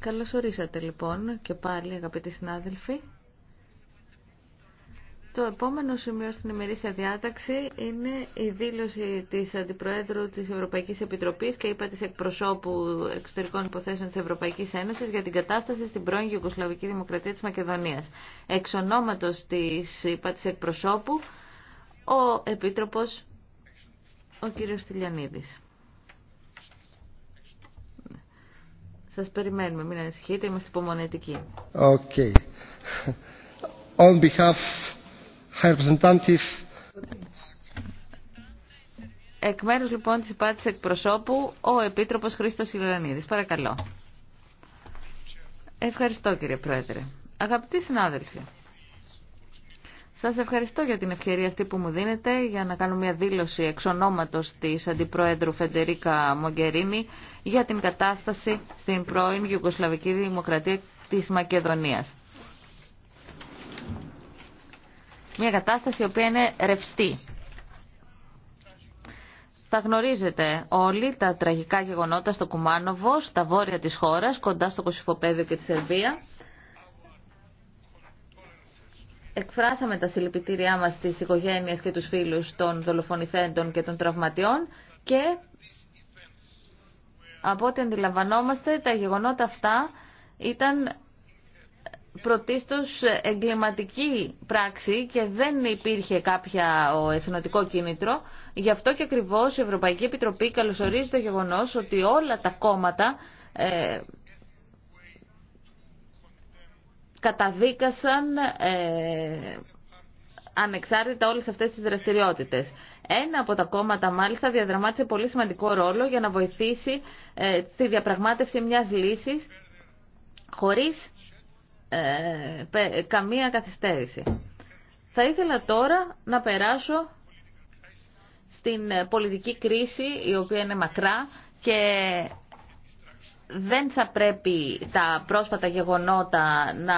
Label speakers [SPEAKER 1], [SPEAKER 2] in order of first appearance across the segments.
[SPEAKER 1] Καλώς ορίσατε λοιπόν και πάλι αγαπητοί συνάδελφοι. Το επόμενο σημείο στην ημερήσια διάταξη είναι η δήλωση της Αντιπροέδρου της Ευρωπαϊκής Επιτροπής και είπα της εκπροσώπου εξωτερικών υποθέσεων της Ευρωπαϊκής Ένωσης για την κατάσταση στην πρώην Γιουγκοσλαβική Δημοκρατία της Μακεδονίας. Εξ ονόματος της είπα της εκπροσώπου, ο Επίτροπος, ο κύριος Τηλιανίδης. Σας περιμένουμε, μην ανησυχείτε, είμαστε υπομονετικοί.
[SPEAKER 2] Okay. On behalf representative...
[SPEAKER 1] Εκ μέρους λοιπόν της υπάτης εκπροσώπου, ο Επίτροπος Χρήστος Ιλουρανίδης. Παρακαλώ. Ευχαριστώ κύριε Πρόεδρε. Αγαπητοί συνάδελφοι, Σα ευχαριστώ για την ευκαιρία αυτή που μου δίνετε για να κάνω μια δήλωση εξ ονόματο της Αντιπροέδρου Φεντερίκα Μογκερίνη για την κατάσταση στην πρώην Ιουγκοσλαβική Δημοκρατία της Μακεδονίας. Μια κατάσταση η οποία είναι ρευστή. Θα γνωρίζετε όλοι τα τραγικά γεγονότα στο Κουμάνοβο, στα βόρεια της χώρας, κοντά στο Κωσυφοπέδιο και τη Σερβία εκφράσαμε τα συλληπιτήριά μας στις οικογένειες και τους φίλους των δολοφονηθέντων και των τραυματιών και από ό,τι αντιλαμβανόμαστε τα γεγονότα αυτά ήταν πρωτίστως εγκληματική πράξη και δεν υπήρχε κάποια ο εθνοτικό κίνητρο. Γι' αυτό και ακριβώς η Ευρωπαϊκή Επιτροπή καλωσορίζει το γεγονός ότι όλα τα κόμματα ε, καταδίκασαν ε, ανεξάρτητα όλες αυτές τις δραστηριότητες. Ένα από τα κόμματα μάλιστα διαδραμάτισε πολύ σημαντικό ρόλο για να βοηθήσει ε, τη διαπραγμάτευση μιας λύσης χωρίς ε, καμία καθυστέρηση. Θα ήθελα τώρα να περάσω στην πολιτική κρίση η οποία είναι μακρά και δεν θα πρέπει τα πρόσφατα γεγονότα να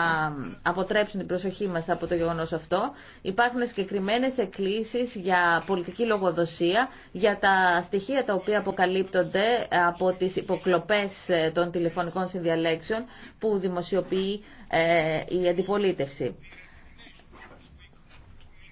[SPEAKER 1] αποτρέψουν την προσοχή μας από το γεγονός αυτό. Υπάρχουν συγκεκριμένε εκκλήσεις για πολιτική λογοδοσία, για τα στοιχεία τα οποία αποκαλύπτονται από τις υποκλοπές ε, των τηλεφωνικών συνδιαλέξεων που δημοσιοποιεί ε, η αντιπολίτευση.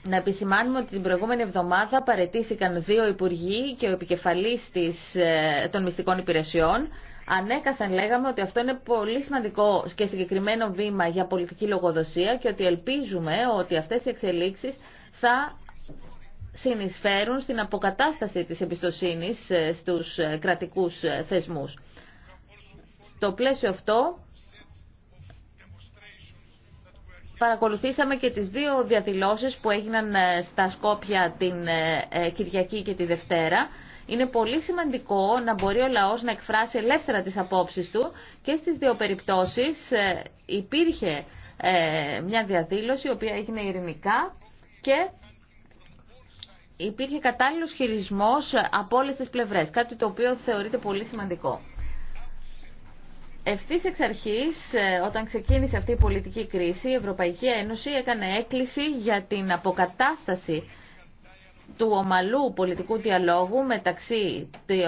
[SPEAKER 1] Να επισημάνουμε ότι την προηγούμενη εβδομάδα παρετήθηκαν δύο υπουργοί και ο επικεφαλής της, ε, των μυστικών υπηρεσιών ανέκαθεν λέγαμε ότι αυτό είναι πολύ σημαντικό και συγκεκριμένο βήμα για πολιτική λογοδοσία και ότι ελπίζουμε ότι αυτές οι εξελίξεις θα συνεισφέρουν στην αποκατάσταση της εμπιστοσύνης ε, στους ε, κρατικούς ε, θεσμούς. Στο πλαίσιο αυτό παρακολουθήσαμε και τις δύο διαδηλώσεις που έγιναν στα Σκόπια την Κυριακή και τη Δευτέρα είναι πολύ σημαντικό να μπορεί ο λαός να εκφράσει ελεύθερα τις απόψεις του και στις δύο περιπτώσεις ε, υπήρχε ε, μια διαδήλωση η οποία έγινε ειρηνικά και υπήρχε κατάλληλος χειρισμός από όλες τις πλευρές, κάτι το οποίο θεωρείται πολύ σημαντικό. Ευθύ εξ αρχή, ε, όταν ξεκίνησε αυτή η πολιτική κρίση, η Ευρωπαϊκή Ένωση έκανε έκκληση για την αποκατάσταση του ομαλού πολιτικού διαλόγου μεταξύ ε,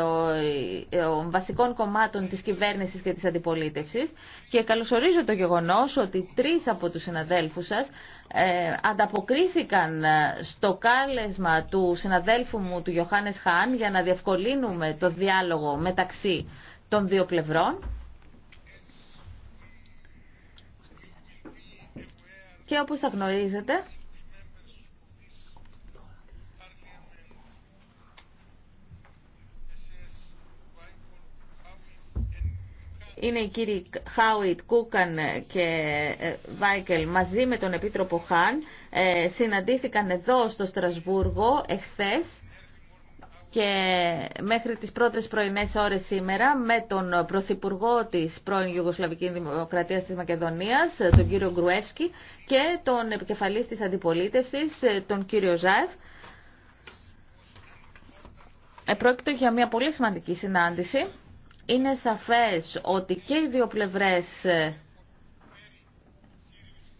[SPEAKER 1] των βασικών κομμάτων της κυβέρνησης και της αντιπολίτευσης και καλωσορίζω το γεγονός ότι τρεις από τους συναδέλφους σας ε, ανταποκρίθηκαν ε, στο κάλεσμα του συναδέλφου μου του Γιωχάνες Χάν για να διευκολύνουμε το διάλογο μεταξύ των δύο πλευρών και όπως θα γνωρίζετε είναι οι κύριοι Χάουιτ, Κούκαν και ε, Βάικελ μαζί με τον Επίτροπο Χάν. Ε, συναντήθηκαν εδώ στο Στρασβούργο εχθές και μέχρι τις πρώτες πρωινές ώρες σήμερα με τον Πρωθυπουργό της πρώην Ιουγκοσλαβικής Δημοκρατίας της Μακεδονίας, τον κύριο Γκρουεύσκι και τον επικεφαλής της αντιπολίτευσης, ε, τον κύριο Ζάεφ. Επρόκειτο για μια πολύ σημαντική συνάντηση είναι σαφές ότι και οι δύο πλευρές ε,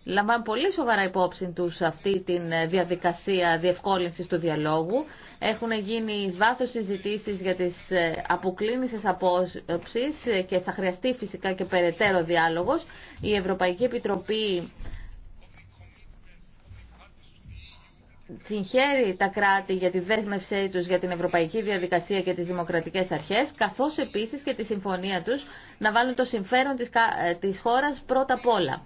[SPEAKER 1] λαμβάνουν πολύ σοβαρά υπόψη τους αυτή τη ε, διαδικασία διευκόλυνσης του διαλόγου. Έχουν γίνει βάθος συζητήσεις για τις ε, αποκλίνησες απόψεις και θα χρειαστεί φυσικά και περαιτέρω διάλογος. Η Ευρωπαϊκή Επιτροπή συγχαίρει τα κράτη για τη δέσμευσή τους για την ευρωπαϊκή διαδικασία και τις δημοκρατικές αρχές, καθώς επίσης και τη συμφωνία τους να βάλουν το συμφέρον της, χώρα ε, χώρας πρώτα απ' όλα.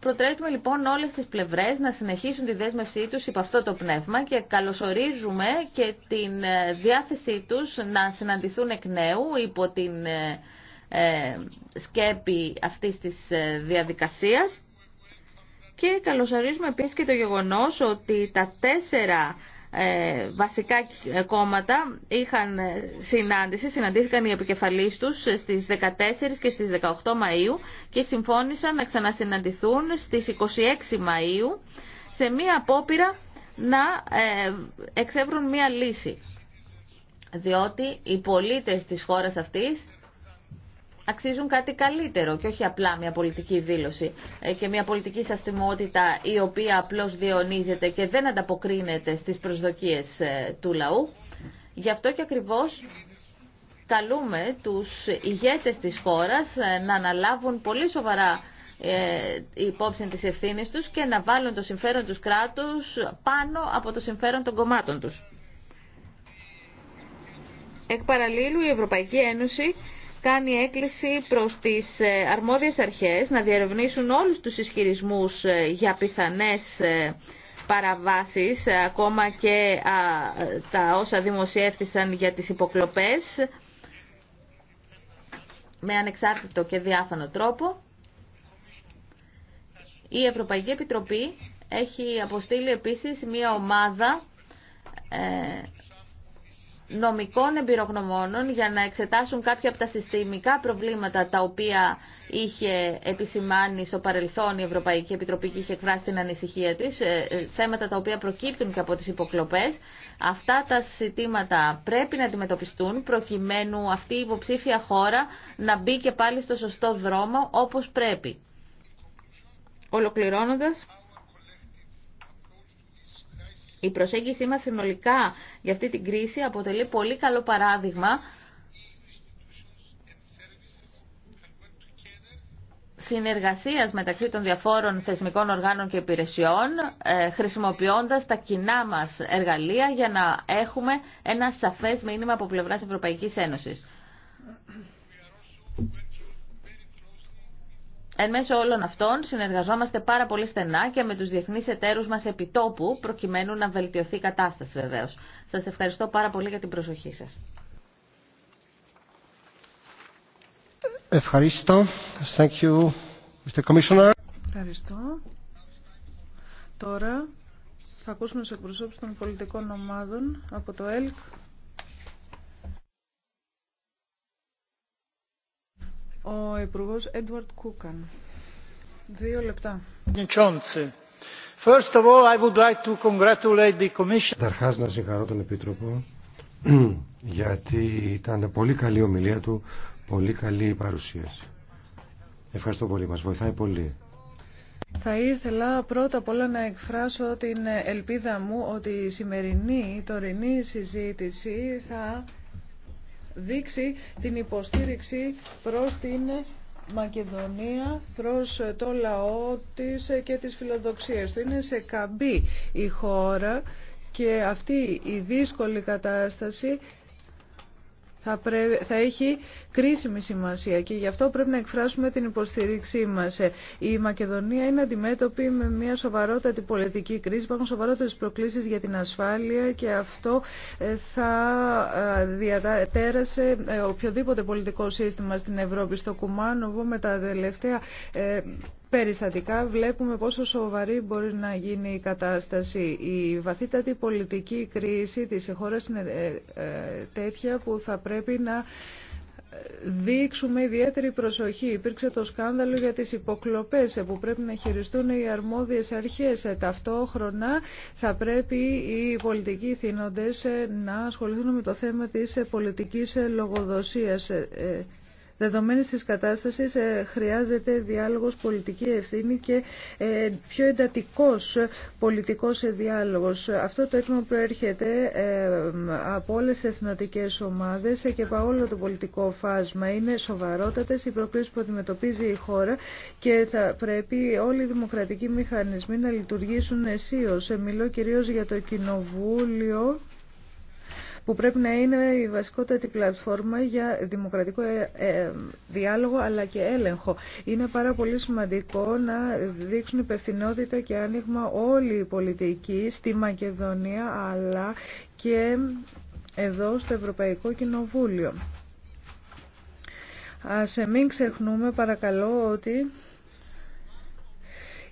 [SPEAKER 1] Προτρέπουμε λοιπόν όλε τι πλευρέ να συνεχίσουν τη δέσμευσή του υπό αυτό το πνεύμα και καλωσορίζουμε και την ε, διάθεσή του να συναντηθούν εκ νέου υπό την ε, σκέπη αυτής της διαδικασίας και καλωσορίζουμε επίσης και το γεγονός ότι τα τέσσερα ε, βασικά κόμματα είχαν ε, συνάντηση, συναντήθηκαν οι επικεφαλείς τους στις 14 και στις 18 Μαΐου και συμφώνησαν να ξανασυναντηθούν στις 26 Μαΐου σε μία απόπειρα να ε, εξεύρουν μία λύση. Διότι οι πολίτες της χώρας αυτής αξίζουν κάτι καλύτερο και όχι απλά μια πολιτική δήλωση και μια πολιτική σαστημότητα η οποία απλώς διαιωνίζεται και δεν ανταποκρίνεται στις προσδοκίες ε, του λαού. Γι' αυτό και ακριβώς καλούμε τους ηγέτες της χώρας ε, να αναλάβουν πολύ σοβαρά ε, υπόψη της ευθύνης τους και να βάλουν το συμφέρον τους κράτους πάνω από το συμφέρον των κομμάτων τους. Εκ παραλίλου η Ευρωπαϊκή Ένωση κάνει έκκληση προς τις ε, αρμόδιες αρχές να διερευνήσουν όλους τους ισχυρισμούς ε, για πιθανές ε, παραβάσεις, ακόμα και τα όσα δημοσιεύτησαν για τις υποκλοπές, με ανεξάρτητο και διάφανο τρόπο. Η Ευρωπαϊκή Επιτροπή έχει αποστείλει επίσης μία ομάδα νομικών εμπειρογνωμόνων για να εξετάσουν κάποια από τα συστημικά προβλήματα τα οποία είχε επισημάνει στο παρελθόν η Ευρωπαϊκή Επιτροπή και είχε εκφράσει την ανησυχία της, ε, ε, θέματα τα οποία προκύπτουν και από τις υποκλοπές. Αυτά τα συστήματα πρέπει να αντιμετωπιστούν προκειμένου αυτή η υποψήφια χώρα να μπει και πάλι στο σωστό δρόμο όπως πρέπει. Ολοκληρώνοντας, η προσέγγιση μας συνολικά για αυτή την κρίση αποτελεί πολύ καλό παράδειγμα συνεργασίας μεταξύ των διαφόρων θεσμικών οργάνων και υπηρεσιών, ε, χρησιμοποιώντας τα κοινά μας εργαλεία για να έχουμε ένα σαφές μήνυμα από πλευράς Ευρωπαϊκής Ένωσης. Εν μέσω όλων αυτών συνεργαζόμαστε πάρα πολύ στενά και με τους διεθνείς εταίρους μας επιτόπου προκειμένου να βελτιωθεί η κατάσταση βεβαίως. Σας ευχαριστώ πάρα πολύ για την προσοχή σας.
[SPEAKER 2] Ευχαριστώ. Thank you, Mr. Commissioner.
[SPEAKER 1] Ευχαριστώ.
[SPEAKER 3] Τώρα θα ακούσουμε του εκπροσώπους των πολιτικών ομάδων από το ΕΛΚ. Ο Υπουργό Έντουαρτ Κούκαν. Δύο λεπτά.
[SPEAKER 4] First Καταρχά,
[SPEAKER 5] να συγχαρώ τον Επίτροπο γιατί ήταν πολύ καλή η ομιλία του, πολύ καλή η παρουσίαση. Ευχαριστώ πολύ, μας βοηθάει πολύ.
[SPEAKER 3] Θα ήθελα πρώτα απ' όλα να εκφράσω την ελπίδα μου ότι η σημερινή, η τωρινή συζήτηση θα δείξει την υποστήριξη προς την Μακεδονία προς το λαό της και τις φιλοδοξίες του. Είναι σε καμπή η χώρα και αυτή η δύσκολη κατάσταση θα, έχει κρίσιμη σημασία και γι' αυτό πρέπει να εκφράσουμε την υποστήριξή μας. Ε, η Μακεδονία είναι αντιμέτωπη με μια σοβαρότατη πολιτική κρίση. Υπάρχουν σοβαρότερες προκλήσεις για την ασφάλεια και αυτό ε, θα ε, διατέρασε οποιοδήποτε πολιτικό σύστημα στην Ευρώπη. Στο Κουμάνοβο με τα τελευταία περιστατικά βλέπουμε πόσο σοβαρή μπορεί να γίνει η κατάσταση. Η βαθύτατη πολιτική κρίση της χώρας είναι ε, ε, τέτοια που θα πρέπει να ε, δείξουμε ιδιαίτερη προσοχή. Υπήρξε το σκάνδαλο για τις υποκλοπές που πρέπει να χειριστούν οι αρμόδιες αρχές. Ταυτόχρονα θα πρέπει οι πολιτικοί θύνοντες να ασχοληθούν με το θέμα της πολιτικής λογοδοσίας. Δεδομένης της κατάστασης ε, χρειάζεται διάλογος πολιτική ευθύνη και ε, πιο εντατικός πολιτικός ε, διάλογος. Αυτό το έτοιμο προέρχεται από όλες τις εθνοτικές ομάδες και από όλο το πολιτικό φάσμα. Είναι σοβαρότατες οι προκλήσεις που αντιμετωπίζει η χώρα και θα πρέπει όλοι οι δημοκρατικοί μηχανισμοί να λειτουργήσουν αισίως. Μιλώ κυρίως για το Κοινοβούλιο που πρέπει να είναι η βασικότατη πλατφόρμα για δημοκρατικό ε, ε, διάλογο αλλά και έλεγχο. Είναι πάρα πολύ σημαντικό να δείξουν υπευθυνότητα και άνοιγμα όλοι οι πολιτικοί στη Μακεδονία αλλά και εδώ στο Ευρωπαϊκό Κοινοβούλιο. Ας μην ξεχνούμε παρακαλώ ότι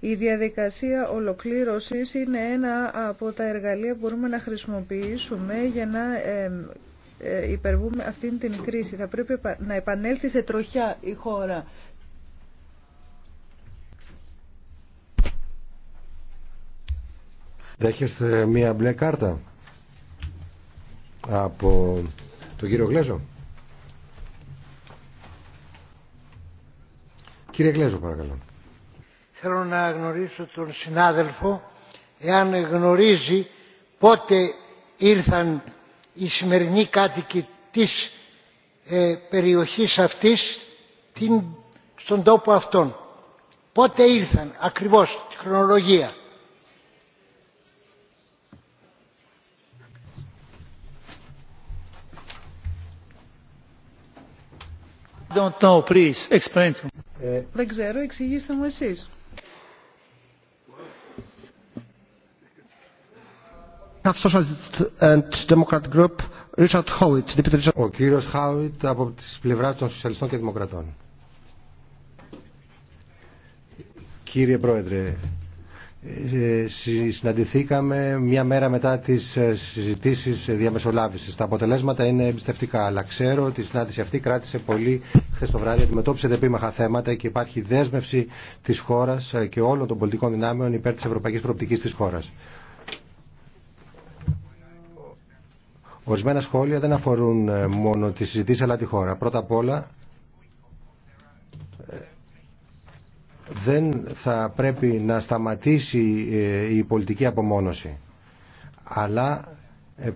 [SPEAKER 3] η διαδικασία ολοκλήρωσης είναι ένα από τα εργαλεία που μπορούμε να χρησιμοποιήσουμε για να ε, υπερβούμε αυτήν την κρίση. Θα πρέπει να επανέλθει σε τροχιά η χώρα.
[SPEAKER 5] Δέχεστε μία μπλε κάρτα από τον κύριο Γλέζο. Κύριε Γλέζο, παρακαλώ.
[SPEAKER 6] Θέλω να γνωρίσω τον συνάδελφο εάν γνωρίζει πότε ήρθαν οι σημερινοί κάτοικοι της ε, περιοχής αυτής την, στον τόπο αυτόν. Πότε ήρθαν ακριβώς τη χρονολογία.
[SPEAKER 3] Ε, δεν ξέρω, εξηγήστε μου εσείς.
[SPEAKER 2] Ο κύριος Χάουιτ από τις πλευράς των
[SPEAKER 5] Σοσιαλιστών και Δημοκρατών. Κύριε Πρόεδρε, ε, συναντηθήκαμε μια μέρα μετά τις ε, συζητήσεις διαμεσολάβησης. Τα αποτελέσματα είναι εμπιστευτικά, αλλά ξέρω ότι η συνάντηση αυτή κράτησε πολύ χθε το βράδυ, αντιμετώπισε δεπίμαχα θέματα και υπάρχει δέσμευση της χώρας ε, και όλων των πολιτικών δυνάμεων υπέρ της ευρωπαϊκής προοπτικής της χώρας. Ορισμένα σχόλια δεν αφορούν ε, μόνο τη συζήτηση αλλά τη χώρα. Πρώτα απ' όλα ε, δεν θα πρέπει να σταματήσει ε, η πολιτική απομόνωση αλλά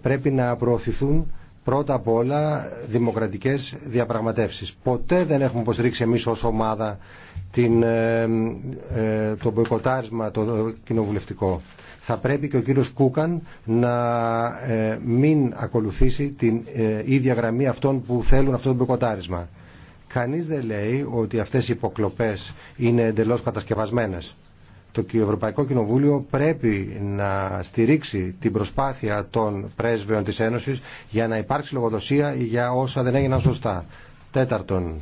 [SPEAKER 5] πρέπει να προωθηθούν πρώτα απ' όλα δημοκρατικές διαπραγματεύσεις. Ποτέ δεν έχουμε υποστηρίξει εμείς ως ομάδα την, το μποϊκοτάρισμα το κοινοβουλευτικό θα πρέπει και ο κύριος Κούκαν να ε, μην ακολουθήσει την ε, ίδια γραμμή αυτών που θέλουν αυτό το μπλοκοτάρισμα. Κανείς δεν λέει ότι αυτές οι υποκλοπές είναι εντελώς κατασκευασμένες. Το Ευρωπαϊκό Κοινοβούλιο πρέπει να στηρίξει την προσπάθεια των πρέσβεων της Ένωσης για να υπάρξει λογοδοσία για όσα δεν έγιναν σωστά. Τέταρτον,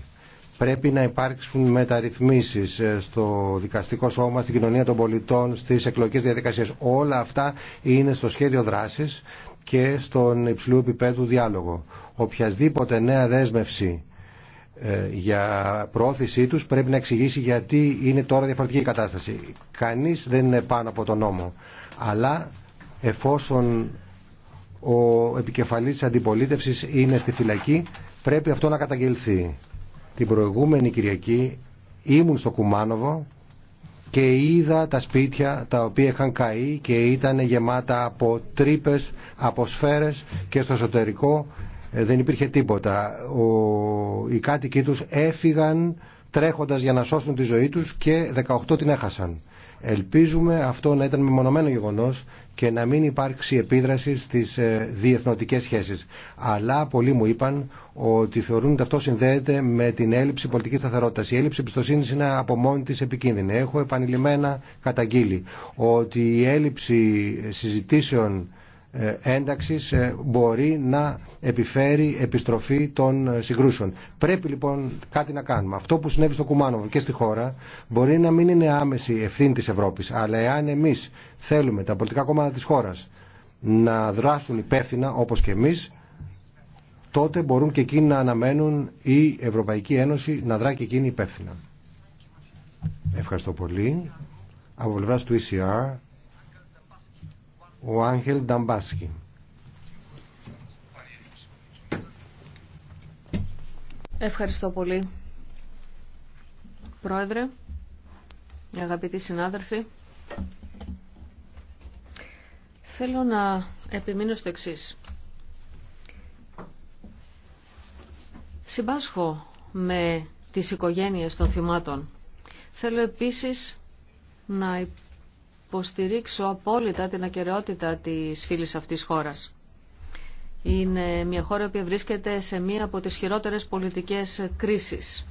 [SPEAKER 5] πρέπει να υπάρξουν μεταρρυθμίσεις ε, στο δικαστικό σώμα, στην κοινωνία των πολιτών, στις εκλογικές διαδικασίες. Όλα αυτά είναι στο σχέδιο δράσης και στον υψηλού επίπεδου διάλογο. Οποιασδήποτε νέα δέσμευση ε, για προώθησή τους πρέπει να εξηγήσει γιατί είναι τώρα διαφορετική η κατάσταση. Κανείς δεν είναι πάνω από τον νόμο. Αλλά εφόσον ο επικεφαλής αντιπολίτευσης είναι στη φυλακή πρέπει αυτό να καταγγελθεί. Την προηγούμενη Κυριακή ήμουν στο Κουμάνοβο και είδα τα σπίτια τα οποία είχαν καεί και ήταν γεμάτα από τρύπε, από σφαίρες και στο εσωτερικό ε, δεν υπήρχε τίποτα. Ο, οι κάτοικοι τους έφυγαν τρέχοντας για να σώσουν τη ζωή τους και 18 την έχασαν. Ελπίζουμε αυτό να ήταν μεμονωμένο γεγονός και να μην υπάρξει επίδραση στις ε, διεθνωτικές σχέσεις. Αλλά πολλοί μου είπαν ότι θεωρούν ότι αυτό συνδέεται με την έλλειψη πολιτικής σταθερότητας. Η έλλειψη εμπιστοσύνη είναι από μόνη της επικίνδυνη. Έχω επανειλημμένα καταγγείλει ότι η έλλειψη συζητήσεων ε, ένταξης ε, μπορεί να επιφέρει επιστροφή των ε, συγκρούσεων. Πρέπει λοιπόν κάτι να κάνουμε. Αυτό που συνέβη στο Κουμάνοβο και στη χώρα μπορεί να μην είναι άμεση ευθύνη της Ευρώπης, αλλά εάν εμείς θέλουμε τα πολιτικά κόμματα της χώρας να δράσουν υπεύθυνα όπως και εμείς, τότε μπορούν και εκείνοι να αναμένουν η Ευρωπαϊκή Ένωση να δράει και εκείνη υπεύθυνα. Ευχαριστώ πολύ. Από πλευρά του ECR, ο Άγγελ Νταμπάσκι.
[SPEAKER 7] Ευχαριστώ πολύ. Πρόεδρε, αγαπητοί συνάδελφοι, θέλω να επιμείνω στο εξής. Συμπάσχω με τις οικογένειες των θυμάτων. Θέλω επίσης να υποστηρίξω απόλυτα την ακαιρεότητα της φίλης αυτής χώρας. Είναι μια χώρα που βρίσκεται σε μία από τις χειρότερες πολιτικές κρίσεις.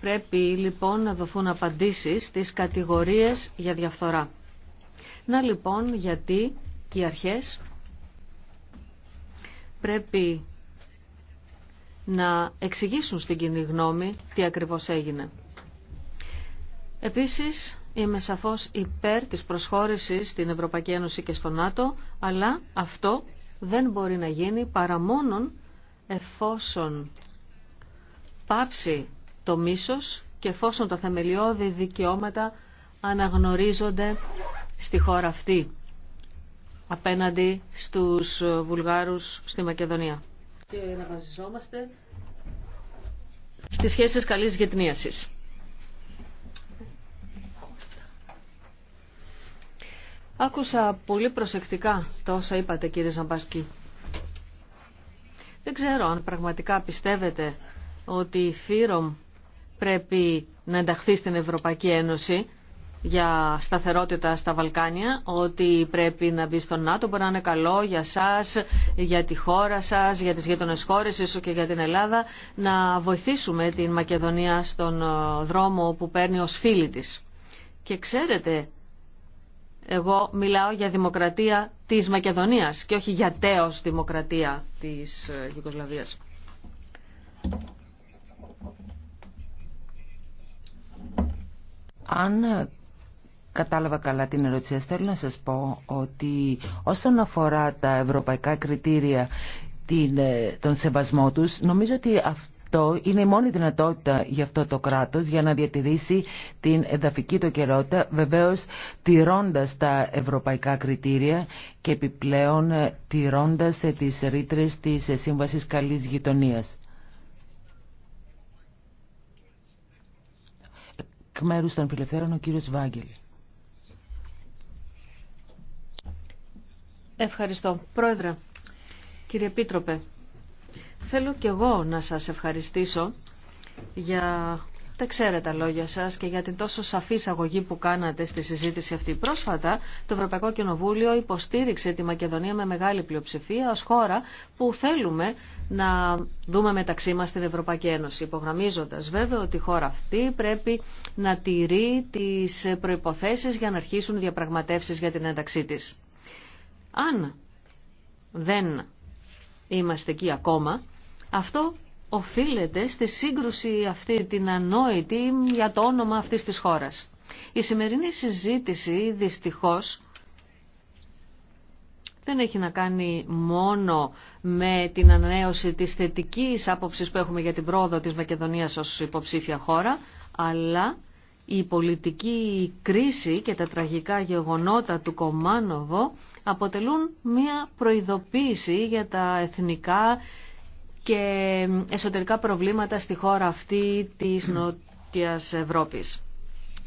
[SPEAKER 7] Πρέπει λοιπόν να δοθούν απαντήσεις στις κατηγορίες για διαφθορά. Να λοιπόν γιατί οι αρχές πρέπει να εξηγήσουν στην κοινή γνώμη τι ακριβώς έγινε. Επίσης Είμαι σαφώ υπέρ της προσχώρησης στην Ευρωπαϊκή Ένωση και στο ΝΑΤΟ, αλλά αυτό δεν μπορεί να γίνει παρά μόνο εφόσον πάψει το μίσος και εφόσον τα θεμελιώδη δικαιώματα αναγνωρίζονται στη χώρα αυτή απέναντι στους Βουλγάρους στη Μακεδονία. Και να βασιζόμαστε στις σχέσεις καλής γετνίασης. Άκουσα πολύ προσεκτικά τα όσα είπατε κύριε Ζαμπάσκη. Δεν ξέρω αν πραγματικά πιστεύετε ότι η ΦΥΡΟΜ πρέπει να ενταχθεί στην Ευρωπαϊκή Ένωση για σταθερότητα στα Βαλκάνια, ότι πρέπει να μπει στον ΝΑΤΟ, μπορεί να είναι καλό για σας, για τη χώρα σας, για τις γείτονες χώρες, ίσως και για την Ελλάδα, να βοηθήσουμε την Μακεδονία στον ε, δρόμο που παίρνει ως φίλη της. Και ξέρετε εγώ μιλάω για δημοκρατία της Μακεδονίας και όχι για τέος δημοκρατία της Γιουγκοσλαβίας. Ε,
[SPEAKER 8] Αν ε, κατάλαβα καλά την ερώτηση, θέλω να σας πω ότι όσον αφορά τα ευρωπαϊκά κριτήρια ε, τον σεβασμό τους, νομίζω ότι αυτό αυτό είναι η μόνη δυνατότητα για αυτό το κράτος για να διατηρήσει την εδαφική του καιρότητα, βεβαίως τηρώντας τα ευρωπαϊκά κριτήρια και επιπλέον ε, τηρώντας ε, τις ρήτρε της ε, Σύμβασης Καλής Γειτονίας. Εκ μέρους των ο κύριος Βάγγελ.
[SPEAKER 7] Ευχαριστώ. Πρόεδρε, κύριε Επίτροπε, Θέλω κι εγώ να σας ευχαριστήσω για τα ξέρετε λόγια σας και για την τόσο σαφή εισαγωγή που κάνατε στη συζήτηση αυτή. Πρόσφατα, το Ευρωπαϊκό Κοινοβούλιο υποστήριξε τη Μακεδονία με μεγάλη πλειοψηφία ως χώρα που θέλουμε να δούμε μεταξύ μας την Ευρωπαϊκή Ένωση, υπογραμμίζοντας βέβαια ότι η χώρα αυτή πρέπει να τηρεί τις προϋποθέσεις για να αρχίσουν διαπραγματεύσεις για την ένταξή της. Αν δεν είμαστε εκεί ακόμα, αυτό οφείλεται στη σύγκρουση αυτή την ανόητη για το όνομα αυτής της χώρας. Η σημερινή συζήτηση δυστυχώς δεν έχει να κάνει μόνο με την ανανέωση της θετικής άποψης που έχουμε για την πρόοδο της Μακεδονίας ως υποψήφια χώρα, αλλά η πολιτική κρίση και τα τραγικά γεγονότα του Κομάνοβο αποτελούν μια προειδοποίηση για τα εθνικά και εσωτερικά προβλήματα στη χώρα αυτή της Νότιας Ευρώπης.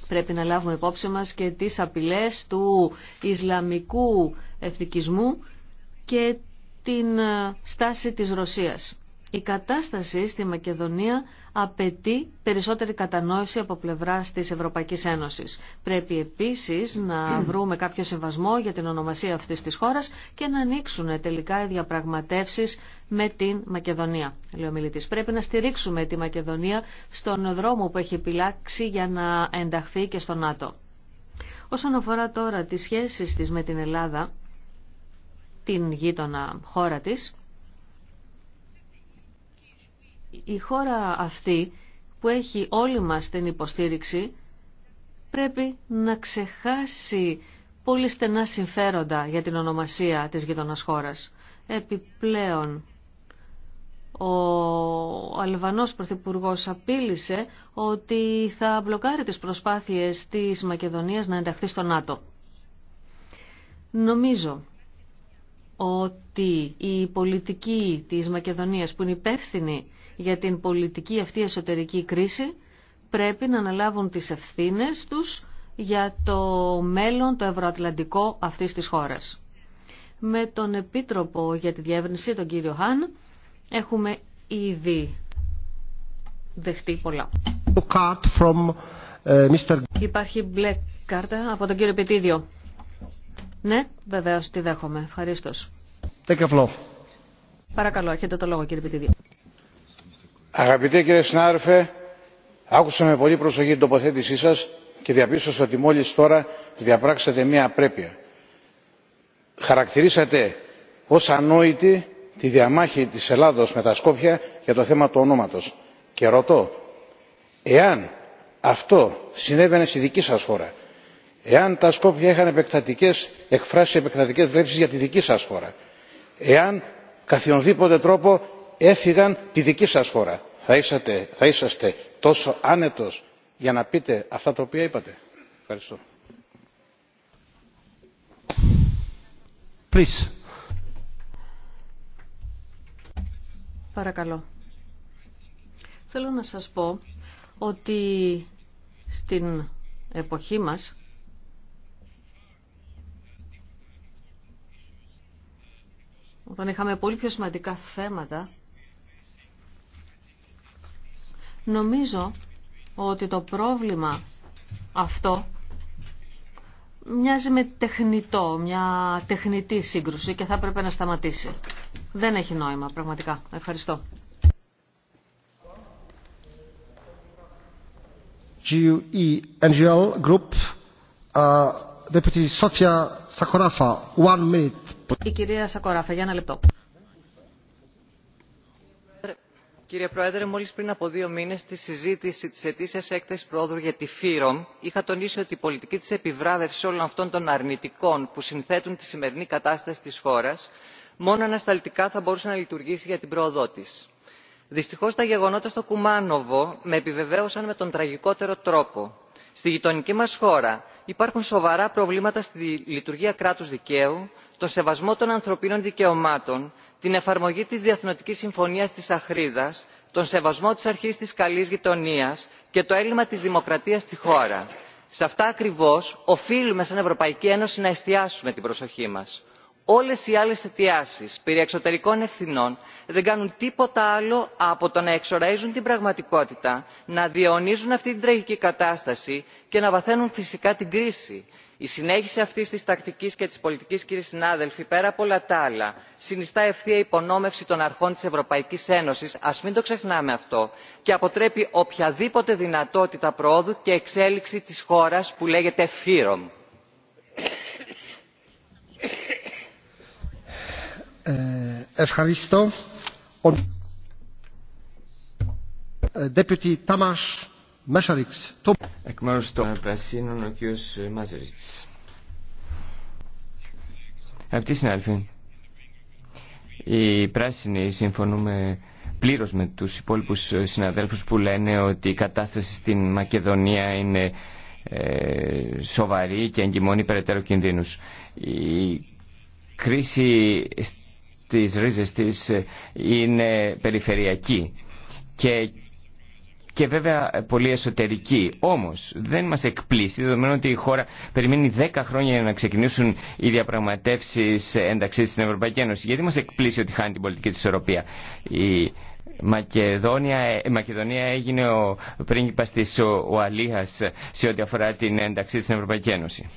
[SPEAKER 7] Πρέπει να λάβουμε υπόψη μας και τις απειλές του Ισλαμικού εθνικισμού και την στάση της Ρωσίας. Η κατάσταση στη Μακεδονία απαιτεί περισσότερη κατανόηση από πλευρά τη Ευρωπαϊκή Ένωση. Πρέπει επίση να βρούμε κάποιο συμβασμό για την ονομασία αυτή τη χώρα και να ανοίξουν τελικά οι διαπραγματεύσει με την Μακεδονία. Λέω Πρέπει να στηρίξουμε τη Μακεδονία στον δρόμο που έχει επιλάξει για να ενταχθεί και στο ΝΑΤΟ. Όσον αφορά τώρα τις σχέσεις της με την Ελλάδα, την γείτονα χώρα της, η χώρα αυτή που έχει όλη μας την υποστήριξη πρέπει να ξεχάσει πολύ στενά συμφέροντα για την ονομασία της γειτονάς χώρας. Επιπλέον, ο Αλβανός Πρωθυπουργό απείλησε ότι θα μπλοκάρει τις προσπάθειες της Μακεδονίας να ενταχθεί στο ΝΑΤΟ. Νομίζω ότι η πολιτική της Μακεδονίας που είναι υπεύθυνη για την πολιτική αυτή εσωτερική κρίση πρέπει να αναλάβουν τις ευθύνες τους για το μέλλον το ευρωατλαντικό αυτής της χώρας. Με τον Επίτροπο για τη Διεύρυνση, τον κύριο Χάν, έχουμε ήδη δεχτεί πολλά.
[SPEAKER 2] From, uh, Mr.
[SPEAKER 7] Υπάρχει μπλε κάρτα από τον κύριο Πετίδιο. Ναι, βεβαίως τη δέχομαι. Ευχαρίστω. Παρακαλώ, έχετε το λόγο κύριε Πετίδιο.
[SPEAKER 4] Αγαπητέ κύριε συνάδελφε, άκουσα με πολύ προσοχή την τοποθέτησή σας και διαπίστωσα ότι μόλις τώρα διαπράξατε μια απρέπεια. Χαρακτηρίσατε ως ανόητη τη διαμάχη της Ελλάδος με τα Σκόπια για το θέμα του ονόματος. Και ρωτώ, εάν αυτό συνέβαινε στη δική σας χώρα, εάν τα Σκόπια είχαν εκφράσει επεκτατικές βλέψεις για τη δική σας χώρα, εάν καθιονδήποτε τρόπο έφυγαν τη δική σας χώρα. Θα, είσατε, θα είσαστε τόσο άνετος για να πείτε αυτά τα οποία είπατε. Ευχαριστώ.
[SPEAKER 7] Παρακαλώ. Θέλω να σας πω ότι στην εποχή μας όταν είχαμε πολύ πιο σημαντικά θέματα Νομίζω ότι το πρόβλημα αυτό μοιάζει με τεχνητό, μια τεχνητή σύγκρουση και θα πρέπει να σταματήσει. Δεν έχει νόημα πραγματικά. Ευχαριστώ.
[SPEAKER 2] GUE Group, uh, Deputy Sofia Sakorafa, one minute.
[SPEAKER 9] Η κυρία Σακοράφα, για ένα λεπτό. Κύριε Πρόεδρε, μόλις πριν από δύο μήνες στη συζήτηση της ετήσιας έκθεσης πρόοδου για τη ΦΥΡΟΜ είχα τονίσει ότι η πολιτική της επιβράβευσης όλων αυτών των αρνητικών που συνθέτουν τη σημερινή κατάσταση της χώρας μόνο ανασταλτικά θα μπορούσε να λειτουργήσει για την πρόοδό της. Δυστυχώς τα γεγονότα στο Κουμάνοβο με επιβεβαίωσαν με τον τραγικότερο τρόπο. Στη γειτονική μας χώρα υπάρχουν σοβαρά προβλήματα στη λειτουργία κράτους δικαίου, το σεβασμό των ανθρωπίνων δικαιωμάτων την εφαρμογή της Διεθνωτικής συμφωνίας της αχρίδας τον σεβασμό της αρχής της καλής γειτονίας και το έλλειμμα της δημοκρατίας στη χώρα. σε αυτά ακριβώς οφείλουμε σαν ευρωπαϊκή ένωση να εστιάσουμε την προσοχή μας όλες οι άλλες αιτιάσεις περί εξωτερικών ευθυνών δεν κάνουν τίποτα άλλο από το να εξοραίζουν την πραγματικότητα να διαιωνίζουν αυτή την τραγική κατάσταση και να βαθαίνουν φυσικά την κρίση. η συνέχιση αυτής της τακτικής και της πολιτικής κύριοι συνάδελφοι πέρα από όλα τα άλλα συνιστά ευθεία υπονόμευση των αρχών της ευρωπαϊκής ένωσης ας μην το ξεχνάμε αυτό και αποτρέπει οποιαδήποτε δυνατότητα προόδου και εξέλιξη της χώρας που λέγεται fyrom.
[SPEAKER 2] Ευχαριστώ. Ο... Deputy Tamas
[SPEAKER 10] Εκ μέρους των Πρασίνων ο κ. Μάζεριτς. Αγαπητοί συνάδελφοι, οι Πράσινοι συμφωνούμε πλήρως με τους υπόλοιπους συναδέλφους που λένε ότι η κατάσταση στην Μακεδονία είναι ε, σοβαρή και εγκυμώνει περαιτέρω κινδύνους. Η κρίση τις ρίζες της ε, είναι περιφερειακή και, και βέβαια πολύ εσωτερική. Όμως δεν μας εκπλήσει, δεδομένου ότι η χώρα περιμένει 10 χρόνια για να ξεκινήσουν οι διαπραγματεύσει ένταξης στην Ευρωπαϊκή Ένωση. Γιατί μας εκπλήσει ότι χάνει την πολιτική της ισορροπία. Η Μακεδόνια, η Μακεδονία έγινε ο πρίγκιπας της ο, ο σε ό,τι αφορά την ένταξή στην Ευρωπαϊκή Ένωση.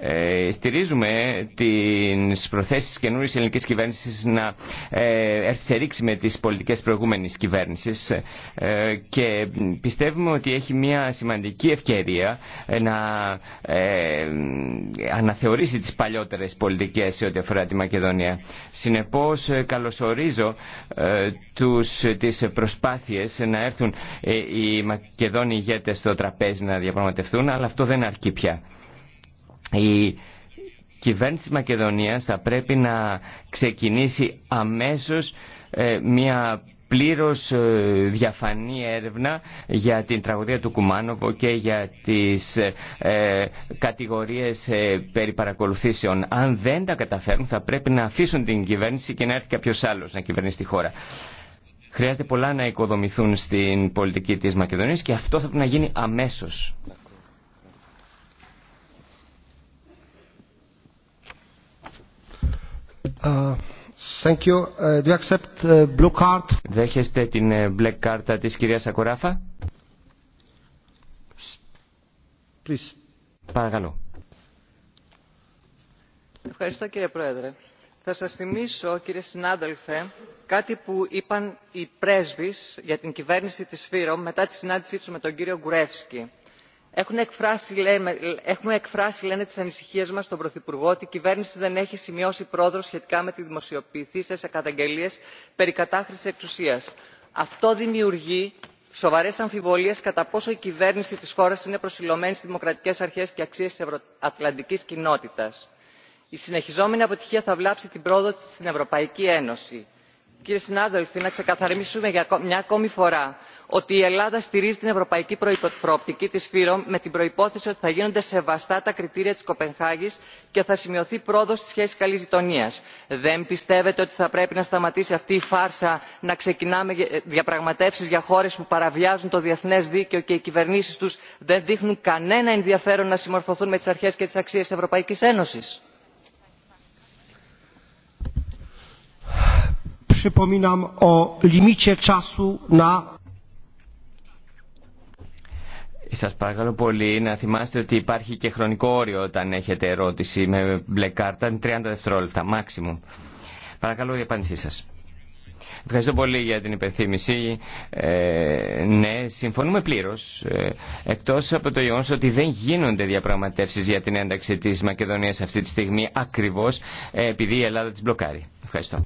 [SPEAKER 10] Ε, στηρίζουμε τις προθέσεις της καινούργια ελληνικής κυβέρνησης να ε, ρήξη με τις πολιτικές προηγούμενης κυβέρνησης ε, και πιστεύουμε ότι έχει μια σημαντική ευκαιρία ε, να αναθεωρήσει τις παλιότερες πολιτικές σε ό,τι αφορά τη Μακεδονία. Συνεπώς καλωσορίζω τους, τις προσπάθειες να έρθουν οι Μακεδόνοι ηγέτες στο τραπέζι να διαπραγματευτούν αλλά αυτό δεν αρκεί πια η κυβέρνηση της Μακεδονίας θα πρέπει να ξεκινήσει αμέσως ε, μια πλήρως ε, διαφανή έρευνα για την τραγωδία του Κουμάνοβο και για τις ε, ε κατηγορίες περί παρακολουθήσεων. Αν δεν τα καταφέρουν θα πρέπει να αφήσουν την κυβέρνηση και να έρθει κάποιο άλλος να κυβερνήσει τη χώρα. Χρειάζεται πολλά να οικοδομηθούν στην πολιτική της Μακεδονίας και αυτό θα πρέπει να γίνει αμέσως. Uh, thank you. Uh, do you accept uh, blue card? Δέχεστε την μπλε κάρτα της κυρίας Ακοράφα; Please. Παρακαλώ.
[SPEAKER 9] Ευχαριστώ κύριε Πρόεδρε. Θα σας θυμίσω κύριε συνάδελφε κάτι που είπαν οι πρέσβεις για την κυβέρνηση της Φύρομ μετά τη συνάντησή τους με τον κύριο Γκουρεύσκη έχουμε εκφράσει λένε τις ανησυχίες μας στον πρωθυπουργό ότι η κυβέρνηση δεν έχει σημειώσει πρόοδο σχετικά με τις σα σε περί κατάχρησης εξουσίας. αυτό δημιουργεί σοβαρές αμφιβολίες κατά πόσο η κυβέρνηση της χώρας είναι προσιλωμένη στις δημοκρατικές αρχές και αξίες της ευρωατλαντικής κοινότητας. η συνεχιζόμενη αποτυχία θα βλάψει την πρόοδο στην ευρωπαϊκή ένωση. Κύριε συνάδελφοι να ξεκαθαρίσουμε για μια ακόμη φορά ότι η ελλάδα στηρίζει την ευρωπαϊκή προοπτική της φύρομ με την προϋπόθεση ότι θα γίνονται σεβαστά τα κριτήρια της κοπενχάγης και θα σημειωθεί πρόοδος στις σχέση καλής γειτονίας. δεν πιστεύετε ότι θα πρέπει να σταματήσει αυτή η φάρσα να ξεκινάμε διαπραγματεύσεις για χώρες που παραβιάζουν το διεθνές δίκαιο και οι κυβερνήσεις τους δεν δείχνουν κανένα ενδιαφέρον να συμμορφωθούν με τις αρχές και τις αξίες της ευρωπαϊκής ένωσης.
[SPEAKER 2] przypominam o limicie czasu na
[SPEAKER 10] σας παρακαλώ πολύ να θυμάστε ότι υπάρχει και χρονικό όριο όταν έχετε ερώτηση με μπλε κάρτα, είναι 30 δευτερόλεπτα, μάξιμου. Παρακαλώ η απάντησή σας. Ευχαριστώ πολύ για την υπενθύμηση. Ε, ναι, συμφωνούμε πλήρως. Ε, εκτός από το γεγονός ότι δεν γίνονται διαπραγματεύσεις για την ένταξη της Μακεδονίας αυτή τη στιγμή ακριβώς ε, επειδή η Ελλάδα τις μπλοκάρει. Ευχαριστώ.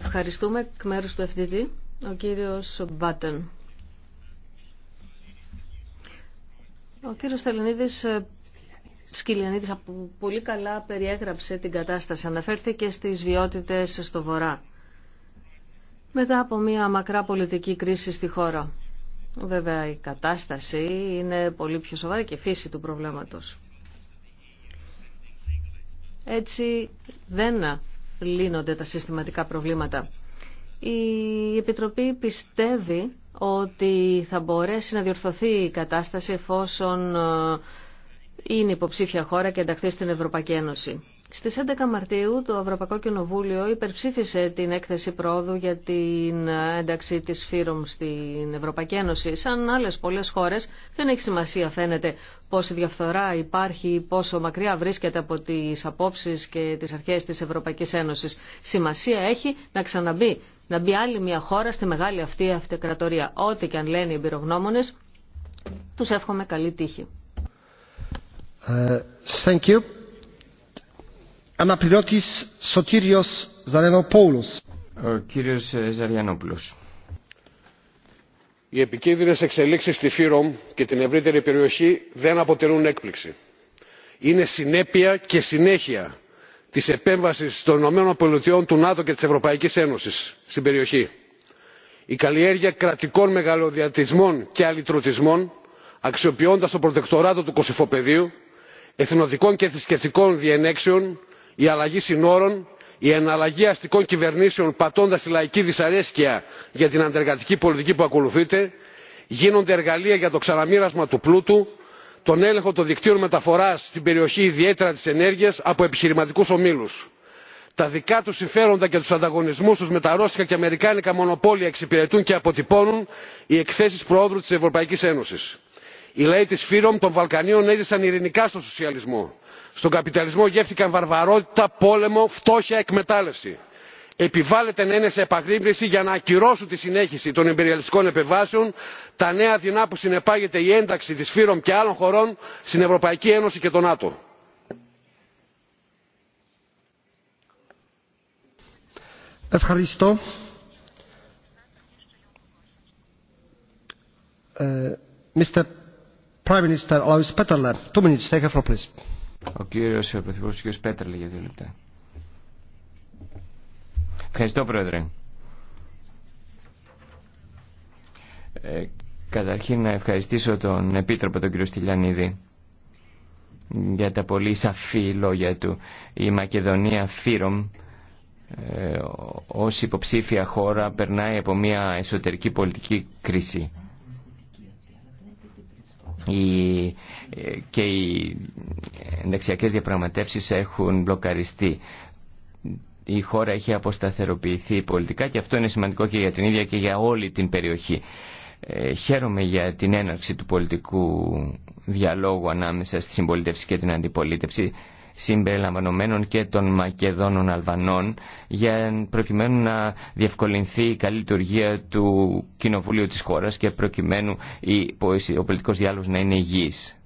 [SPEAKER 7] Ευχαριστούμε εκ μέρους του FDD, ο κύριος Μπάτεν. Ο κύριος Στελνίδης ε, Σκυλιανίδης πολύ καλά περιέγραψε την κατάσταση. Αναφέρθηκε στις βιότητες στο Βορρά. Μετά από μια μακρά πολιτική κρίση στη χώρα. Βέβαια η κατάσταση είναι πολύ πιο σοβαρή και φύση του προβλήματος. Έτσι δεν λύνονται τα συστηματικά προβλήματα. Η Επιτροπή πιστεύει ότι θα μπορέσει να διορθωθεί η κατάσταση εφόσον ε, είναι υποψήφια χώρα και ενταχθεί στην Ευρωπαϊκή Ένωση. Στις 11 Μαρτίου το Ευρωπαϊκό Κοινοβούλιο υπερψήφισε την έκθεση πρόοδου για την ένταξη της ΦΥΡΟΜ στην Ευρωπαϊκή Ένωση. Σαν άλλες πολλές χώρες δεν έχει σημασία φαίνεται πόση διαφθορά υπάρχει, πόσο μακριά βρίσκεται από τις απόψεις και τις αρχές της Ευρωπαϊκής Ένωσης. Σημασία έχει να ξαναμπεί, να μπει άλλη μια χώρα στη μεγάλη αυτή αυτοκρατορία. Ό,τι και αν λένε οι εμπειρογνώμονες, τους εύχομαι καλή τύχη.
[SPEAKER 10] Ε, κύριος Ζαριανόπουλος οι
[SPEAKER 11] επικίνδυνες εξελίξεις στη φύρομ και την ευρύτερη περιοχή δεν αποτελούν έκπληξη. είναι συνέπεια και συνέχεια της επέμβασης των ηνωμένων πολιτειών του νατο και της ευρωπαϊκής ένωσης στην περιοχή. η καλλιέργεια κρατικών μεγαλοδιατισμών και αλυτρωτισμών αξιοποιώντας το προτεκτοράτο του κωσυφοπεδίου εθνοτικών και θρησκευτικών διενέξεων η αλλαγή συνόρων η εναλλαγή αστικών κυβερνήσεων πατώντας τη λαϊκή δυσαρέσκεια για την αντεργατική πολιτική που ακολουθείται γίνονται εργαλεία για το ξαναμοίρασμα του πλούτου τον έλεγχο των δικτύων μεταφοράς στην περιοχή ιδιαίτερα της ενέργειας από επιχειρηματικούς ομίλους. τα δικά τους συμφέροντα και τους ανταγωνισμούς τους με τα ρώσικα και αμερικάνικα μονοπόλια εξυπηρετούν και αποτυπώνουν οι εκθέσεις προόδου της ευρωπαϊκής ένωσης. οι λαοί της φύρων των βαλκανίων έζησαν ειρηνικά στον σοσιαλισμό στον καπιταλισμό γεύθηκαν βαρβαρότητα πόλεμο φτώχεια εκμετάλλευση. επιβάλλεται να είναι σε επαγρύπνηση για να ακυρώσουν τη συνέχιση των ιμπεριαλιστικών επεμβάσεων τα νέα δεινά που συνεπάγεται η ένταξη της φύρων και άλλων χωρών στην ευρωπαϊκή ένωση και τον νατο.
[SPEAKER 2] Ευχαριστώ. Ε, Prime Minister
[SPEAKER 10] ο κύριος Πρωθυπουργός, ο κύριος Πέτρελ για δύο λεπτά. Ευχαριστώ Πρόεδρε. Ε, καταρχήν να ευχαριστήσω τον Επίτροπο τον κύριο Στυλιανίδη για τα πολύ σαφή λόγια του. Η Μακεδονία Φύρομ ε, ως υποψήφια χώρα περνάει από μια εσωτερική πολιτική κρίση και οι ενταξιακές διαπραγματεύσεις έχουν μπλοκαριστεί. Η χώρα έχει αποσταθεροποιηθεί πολιτικά και αυτό είναι σημαντικό και για την ίδια και για όλη την περιοχή. Ε, χαίρομαι για την έναρξη του πολιτικού διαλόγου ανάμεσα στη συμπολίτευση και την αντιπολίτευση συμπεριλαμβανομένων και των Μακεδόνων Αλβανών για προκειμένου να διευκολυνθεί η καλή λειτουργία του Κοινοβουλίου της χώρας και προκειμένου ο πολιτικός διάλογος να είναι υγιής.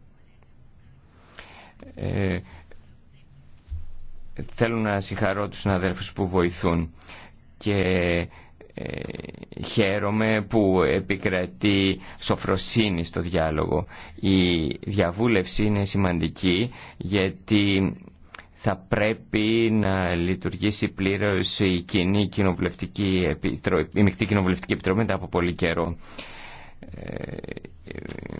[SPEAKER 10] Ε, θέλω να συγχαρώ τους συναδέλφους που βοηθούν και ε, χαίρομαι που επικρατεί σοφροσύνη στο διάλογο. Η διαβούλευση είναι σημαντική γιατί θα πρέπει να λειτουργήσει πλήρως η κοινή κοινοβουλευτική επιτροπή, η μεικτή κοινοβουλευτική επιτροπή μετά από πολύ καιρό. Ε,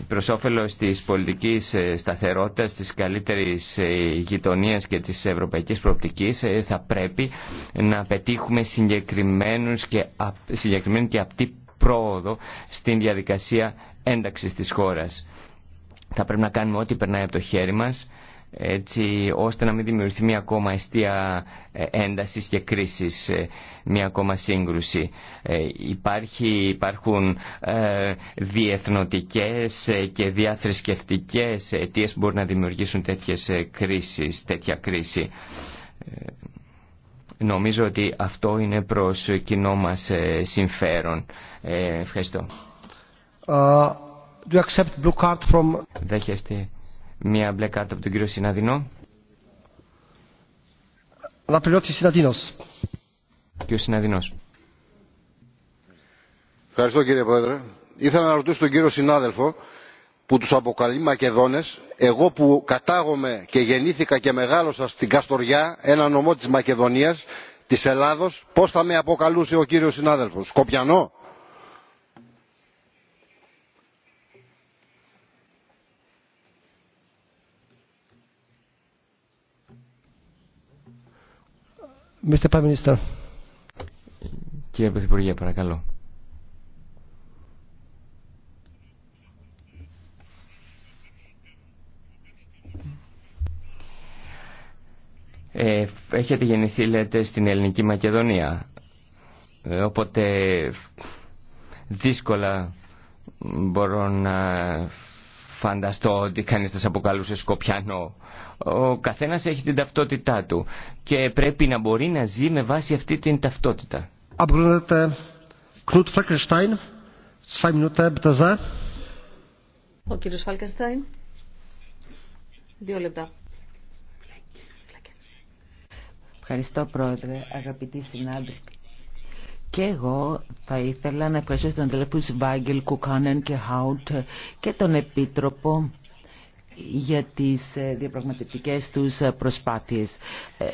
[SPEAKER 10] προς όφελος της πολιτικής ε, σταθερότητας, της καλύτερης ε, γειτονίας και της ευρωπαϊκής προοπτικής θα πρέπει να πετύχουμε συγκεκριμένους και, συγκεκριμένη και απτή πρόοδο στην διαδικασία ένταξης της χώρας. Θα πρέπει να κάνουμε ό,τι περνάει από το χέρι μας έτσι ώστε να μην δημιουργηθεί μια ακόμα αιστεία ε, έντασης και κρίσης, ε, μια ακόμα σύγκρουση. Ε, υπάρχει, υπάρχουν ε, και διαθρησκευτικές αιτίες που μπορούν να δημιουργήσουν τέτοιες κρίσεις, τέτοια κρίση. Νομίζω ότι αυτό είναι προς κοινό μας συμφέρον. ευχαριστώ. Μία μπλε κάρτα από τον κύριο Συναδεινό. Συναδινός. Συναδεινός. Κύριο Συναδεινός.
[SPEAKER 12] Ευχαριστώ κύριε Πρόεδρε. Ήθελα να ρωτήσω τον κύριο συνάδελφο που τους αποκαλεί Μακεδόνες, εγώ που κατάγομαι και γεννήθηκα και μεγάλωσα στην Καστοριά, ένα νομό της Μακεδονίας, της Ελλάδος, πώς θα με αποκαλούσε ο κύριος συνάδελφος, Σκοπιανό.
[SPEAKER 2] Mr. Prime
[SPEAKER 10] Κύριε Πρωθυπουργέ, παρακαλώ. Ε, έχετε γεννηθεί, λέτε, στην Ελληνική Μακεδονία. Ε, οπότε δύσκολα μπορώ να φανταστώ ότι κανείς θα σε αποκαλούσε Σκοπιανό. Ο καθένας έχει την ταυτότητά του και πρέπει να μπορεί να ζει με βάση αυτή την ταυτότητα.
[SPEAKER 7] Ο κύριος Φάλκενστάιν, δύο λεπτά.
[SPEAKER 8] Ευχαριστώ πρόεδρε, αγαπητοί συνάδελφοι. Και εγώ θα ήθελα να ευχαριστήσω τον τελευταίο Βάγγελ, Κουκάνεν και Χάουτ και τον Επίτροπο για τις ε, διαπραγματευτικές τους ε, προσπάθειες. Ε,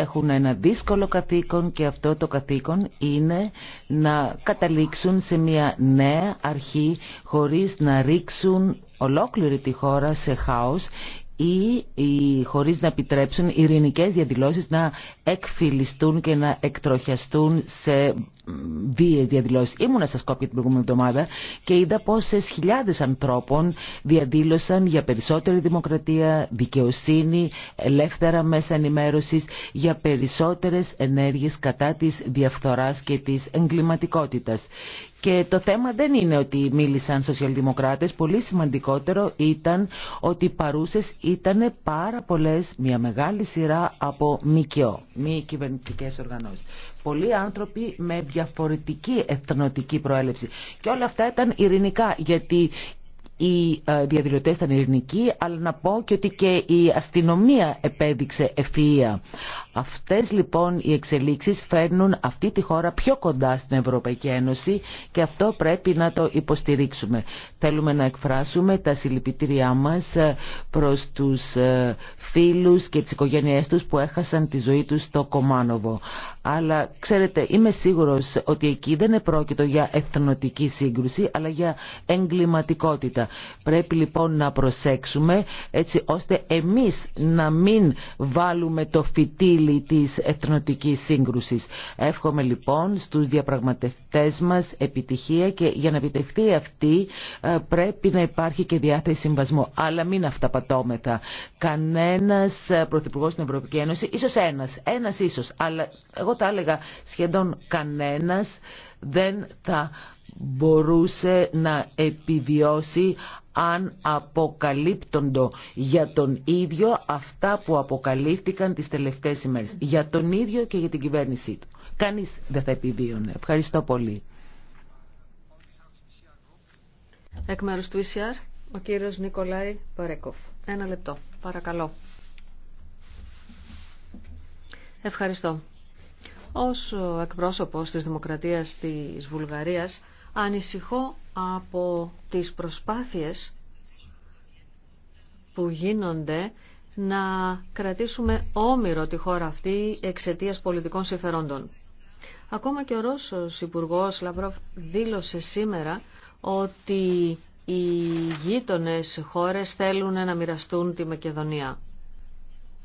[SPEAKER 8] έχουν ένα δύσκολο καθήκον και αυτό το καθήκον είναι να καταλήξουν σε μια νέα αρχή χωρίς να ρίξουν ολόκληρη τη χώρα σε χάος ή ή χωρίς να επιτρέψουν ειρηνικές διαδηλώσεις να εκφυλιστούν και να εκτροχιαστούν σε βίες διαδηλώσεις. Ήμουνα στα Σκόπια την προηγούμενη εβδομάδα και είδα πόσες χιλιάδες ανθρώπων διαδήλωσαν για περισσότερη δημοκρατία, δικαιοσύνη, ελεύθερα μέσα ενημέρωσης, για περισσότερες ενέργειες κατά της διαφθοράς και της εγκληματικότητας. Και το θέμα δεν είναι ότι μίλησαν σοσιαλδημοκράτες, πολύ σημαντικότερο ήταν ότι παρούσες ήταν πάρα πολλές, μια μεγάλη σειρά από ΜΚΟ, μη κυβερνητικέ οργανώσεις. Πολλοί άνθρωποι με διαφορετική εθνοτική προέλευση. Και όλα αυτά ήταν ειρηνικά, γιατί οι ε, διαδηλωτέ ήταν ειρηνικοί, αλλά να πω και ότι και η αστυνομία επέδειξε ευφυΐα. Αυτές λοιπόν οι εξελίξεις φέρνουν αυτή τη χώρα πιο κοντά στην Ευρωπαϊκή Ένωση και αυτό πρέπει να το υποστηρίξουμε. Θέλουμε να εκφράσουμε τα συλληπιτήριά μας ε, προς τους ε, φίλους και τις οικογένειές τους που έχασαν τη ζωή τους στο Κομάνοβο. Αλλά ξέρετε είμαι σίγουρος ότι εκεί δεν επρόκειτο για εθνοτική σύγκρουση αλλά για εγκληματικότητα. Πρέπει λοιπόν να προσέξουμε έτσι ώστε εμείς να μην βάλουμε το φυτίλι ωφέλη της εθνοτικής σύγκρουσης. Εύχομαι λοιπόν στους διαπραγματευτές μας επιτυχία και για να επιτευχθεί αυτή ε, πρέπει να υπάρχει και διάθεση συμβασμού. Αλλά μην αυταπατώμεθα. Κανένας ε, πρωθυπουργός στην Ευρωπαϊκή Ένωση, ίσως ένας, ένας ίσως, αλλά εγώ τα έλεγα σχεδόν κανένας δεν θα μπορούσε να επιβιώσει αν αποκαλύπτοντο για τον ίδιο αυτά που αποκαλύφθηκαν τις τελευταίες ημέρες. Για τον ίδιο και για την κυβέρνησή του. Κανείς δεν θα επιβίωνε. Ευχαριστώ πολύ.
[SPEAKER 7] Εκ μέρους του ECR, ο κύριος Νικολάη Παρέκοφ. Ένα λεπτό, παρακαλώ. Ευχαριστώ. Ως εκπρόσωπος της Δημοκρατίας της Βουλγαρίας, Ανησυχώ από τις προσπάθειες που γίνονται να κρατήσουμε όμοιρο τη χώρα αυτή εξαιτίας πολιτικών συμφερόντων. Ακόμα και ο Ρώσος υπουργό Λαυρόφ δήλωσε σήμερα ότι οι γείτονες χώρες θέλουν να μοιραστούν τη Μακεδονία.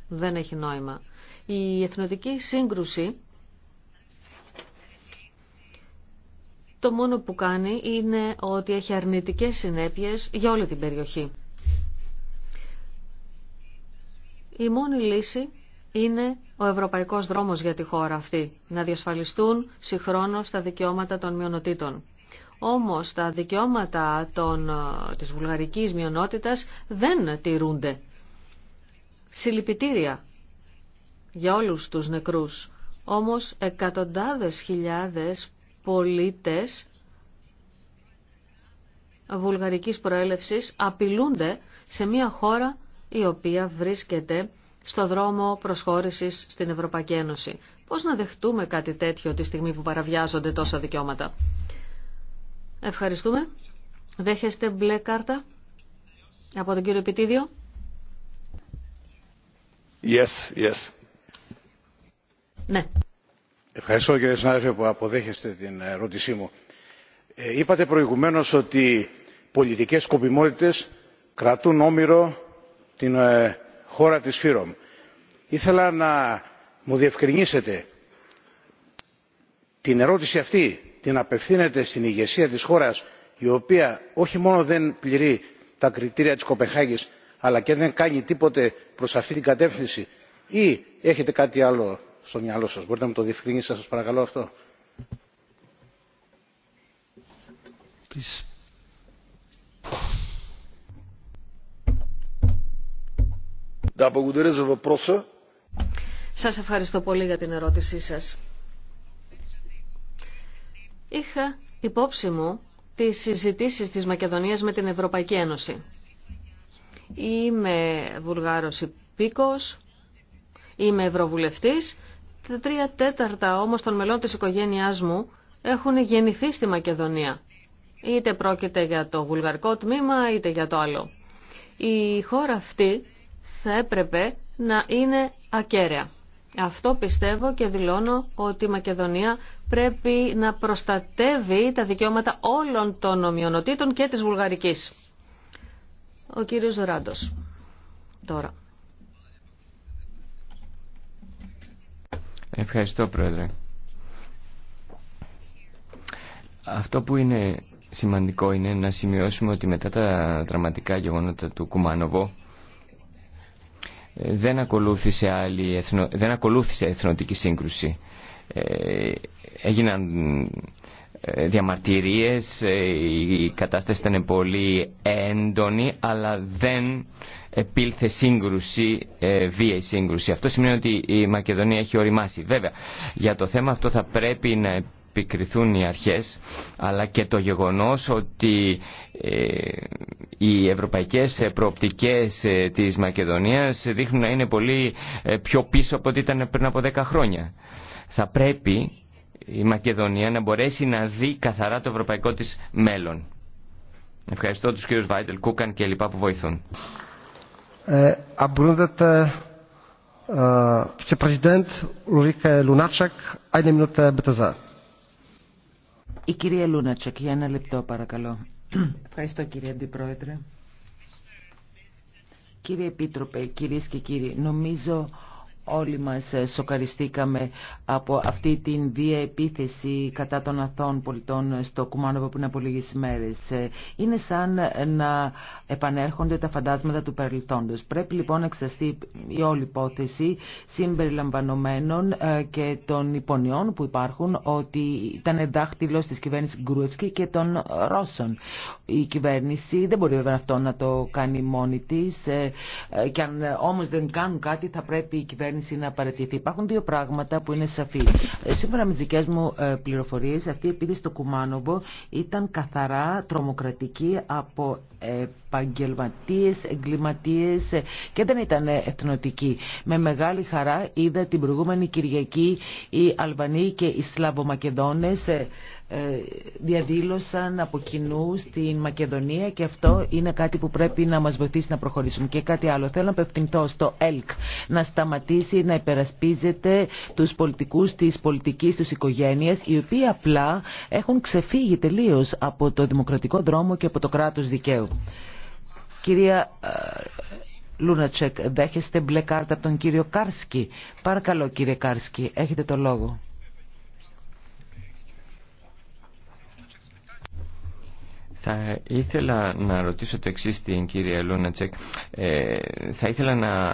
[SPEAKER 7] Δεν έχει νόημα. Η εθνοτική σύγκρουση το μόνο που κάνει είναι ότι έχει αρνητικές συνέπειες για όλη την περιοχή. Η μόνη λύση είναι ο ευρωπαϊκός δρόμος για τη χώρα αυτή, να διασφαλιστούν συγχρόνως τα δικαιώματα των μειονοτήτων. Όμως τα δικαιώματα των, ε, της βουλγαρικής μειονότητας δεν τηρούνται. Συλληπιτήρια για όλους τους νεκρούς. Όμως εκατοντάδες χιλιάδες πολίτες βουλγαρικής προέλευσης απειλούνται σε μια χώρα η οποία βρίσκεται στο δρόμο προσχώρησης στην Ευρωπαϊκή Ένωση. Πώς να δεχτούμε κάτι τέτοιο τη στιγμή που παραβιάζονται τόσα δικαιώματα. Ευχαριστούμε. Δέχεστε μπλε κάρτα από τον κύριο Επιτίδιο.
[SPEAKER 4] Yes, yes. Ναι. Ευχαριστώ κύριε συνάδελφε που αποδέχεστε την ερώτησή μου. Ε, είπατε προηγουμένως ότι πολιτικές σκοπιμότητες κρατούν όμοιρο την ε, χώρα της Φύρομ. Ήθελα να μου διευκρινίσετε την ερώτηση αυτή την απευθύνεται στην ηγεσία της χώρας η οποία όχι μόνο δεν πληρεί τα κριτήρια της Κοπεχάγης αλλά και δεν κάνει τίποτε προς αυτή την κατεύθυνση ή έχετε κάτι άλλο στο μυαλό σας. Μπορείτε να μου το διευκρινίσετε σας παρακαλώ
[SPEAKER 3] αυτό. Please.
[SPEAKER 7] Σας ευχαριστώ πολύ για την ερώτησή σας. Είχα υπόψη μου τις συζητήσεις της Μακεδονίας με την Ευρωπαϊκή Ένωση. Είμαι Βουλγάρος υπήκος, είμαι Ευρωβουλευτής τα τρία τέταρτα όμως των μελών της οικογένειάς μου έχουν γεννηθεί στη Μακεδονία. Είτε πρόκειται για το βουλγαρικό τμήμα είτε για το άλλο. Η χώρα αυτή θα έπρεπε να είναι ακέραια. Αυτό πιστεύω και δηλώνω ότι η Μακεδονία πρέπει να προστατεύει τα δικαιώματα όλων των ομοιονοτήτων και της βουλγαρικής. Ο κύριος Ράντος. Τώρα.
[SPEAKER 10] Ευχαριστώ, Πρόεδρε. Αυτό που είναι σημαντικό είναι να σημειώσουμε ότι μετά τα δραματικά γεγονότα του Κουμάνοβο ε, δεν ακολούθησε, άλλη εθνο... δεν ακολούθησε εθνοτική σύγκρουση. Ε, έγιναν ε, διαμαρτυρίες, η κατάσταση ήταν πολύ έντονη, αλλά δεν επήλθε σύγκρουση, ε, η σύγκρουση. Αυτό σημαίνει ότι η Μακεδονία έχει οριμάσει. Βέβαια, για το θέμα αυτό θα πρέπει να επικριθούν οι αρχές, αλλά και το γεγονός ότι ε, οι ευρωπαϊκές προοπτικές ε, της Μακεδονίας δείχνουν να είναι πολύ ε, πιο πίσω από ό,τι ήταν πριν από 10 χρόνια. Θα πρέπει η Μακεδονία να μπορέσει να δει καθαρά το ευρωπαϊκό της μέλλον. Ευχαριστώ τους κύριους Βάιτελ, Κούκαν και λοιπά που βοηθούν
[SPEAKER 2] abgeordnete ε, ε, Vizepräsident Ulrike Lunacek, eine Minute bitte
[SPEAKER 8] sehr. Η κυρία Λούνατσεκ, για ένα λεπτό παρακαλώ. Ευχαριστώ κύριε Αντιπρόεδρε. Κύριε Επίτροπε, κυρίες και κύριοι, νομίζω Όλοι μας ε, σοκαριστήκαμε από αυτή την βία επίθεση κατά των αθών πολιτών ε, στο Κουμάνοβο πριν από λίγες μέρες. Ε, είναι σαν να επανέρχονται τα φαντάσματα του παρελθόντος. Πρέπει λοιπόν να εξαστεί η όλη υπόθεση συμπεριλαμβανομένων και των υπονιών που υπάρχουν ότι ήταν δάχτυλο της κυβέρνησης Γκρουευσκή και των Ρώσων. Η κυβέρνηση δεν μπορεί βέβαια αυτό να το κάνει μόνη τη και αν όμως δεν κάνουν κάτι θα πρέπει η κυβέρνηση κυβέρνηση να Υπάρχουν δύο πράγματα που είναι σαφή. Ε, Σήμερα με τι δικέ μου ε, πληροφορίε, αυτή η επίθεση στο Κουμάνοβο ήταν καθαρά τρομοκρατική από επαγγελματίε, εγκληματίε ε, και δεν ήταν εθνοτική. Με μεγάλη χαρά είδα την προηγούμενη Κυριακή οι Αλβανοί και οι Σλαβομακεδόνε ε, διαδήλωσαν από κοινού στην Μακεδονία και αυτό είναι κάτι που πρέπει να μας βοηθήσει να προχωρήσουμε. Και κάτι άλλο. Θέλω να απευθυνθώ στο ΕΛΚ να σταματήσει να υπερασπίζεται τους πολιτικούς της πολιτικής τους οικογένειας οι οποίοι απλά έχουν ξεφύγει τελείως από το δημοκρατικό δρόμο και από το κράτος δικαίου. Κυρία ε, Λούνατσεκ, δέχεστε μπλε κάρτα από τον κύριο Κάρσκι. Παρακαλώ κύριε Κάρσκι, έχετε το λόγο.
[SPEAKER 10] Θα ήθελα να ρωτήσω το εξής στην κυρία Λούνατσεκ. Ε, θα ήθελα να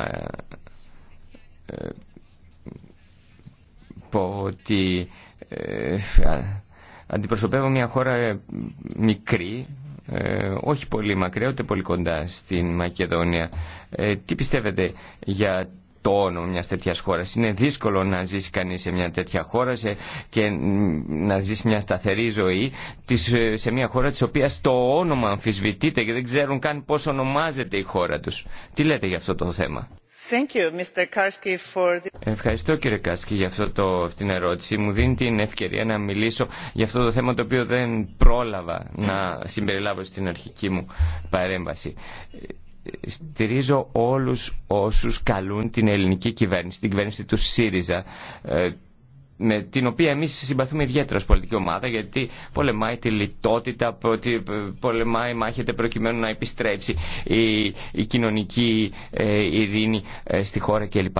[SPEAKER 10] ε, πω ότι ε, αντιπροσωπεύω μια χώρα μικρή, όχι πολύ μακριά, ούτε πολύ κοντά στην Μακεδόνια. Τι πιστεύετε για το όνομα μια τέτοια χώρα. Είναι δύσκολο να ζήσει κανεί σε μια τέτοια χώρα και να ζήσει μια σταθερή ζωή ε, σε μια χώρα τη οποία το όνομα αμφισβητείται και δεν ξέρουν καν πώ ονομάζεται η χώρα του. Τι λέτε για αυτό το θέμα. Thank
[SPEAKER 3] you, Mr. Karski, for the...
[SPEAKER 10] Ευχαριστώ κύριε Κάσκι για αυτό το, αυτή την ερώτηση. Μου δίνει την ευκαιρία να μιλήσω για αυτό το θέμα το οποίο δεν πρόλαβα να συμπεριλάβω στην αρχική μου παρέμβαση στηρίζω όλους όσους καλούν την ελληνική κυβέρνηση, την κυβέρνηση του ΣΥΡΙΖΑ, ε, με την οποία εμείς συμπαθούμε ιδιαίτερα ως πολιτική ομάδα γιατί πολεμάει τη λιτότητα, πολεμάει, μάχεται προκειμένου να επιστρέψει η, κοινωνική ε, ειρήνη ε, στη χώρα κλπ.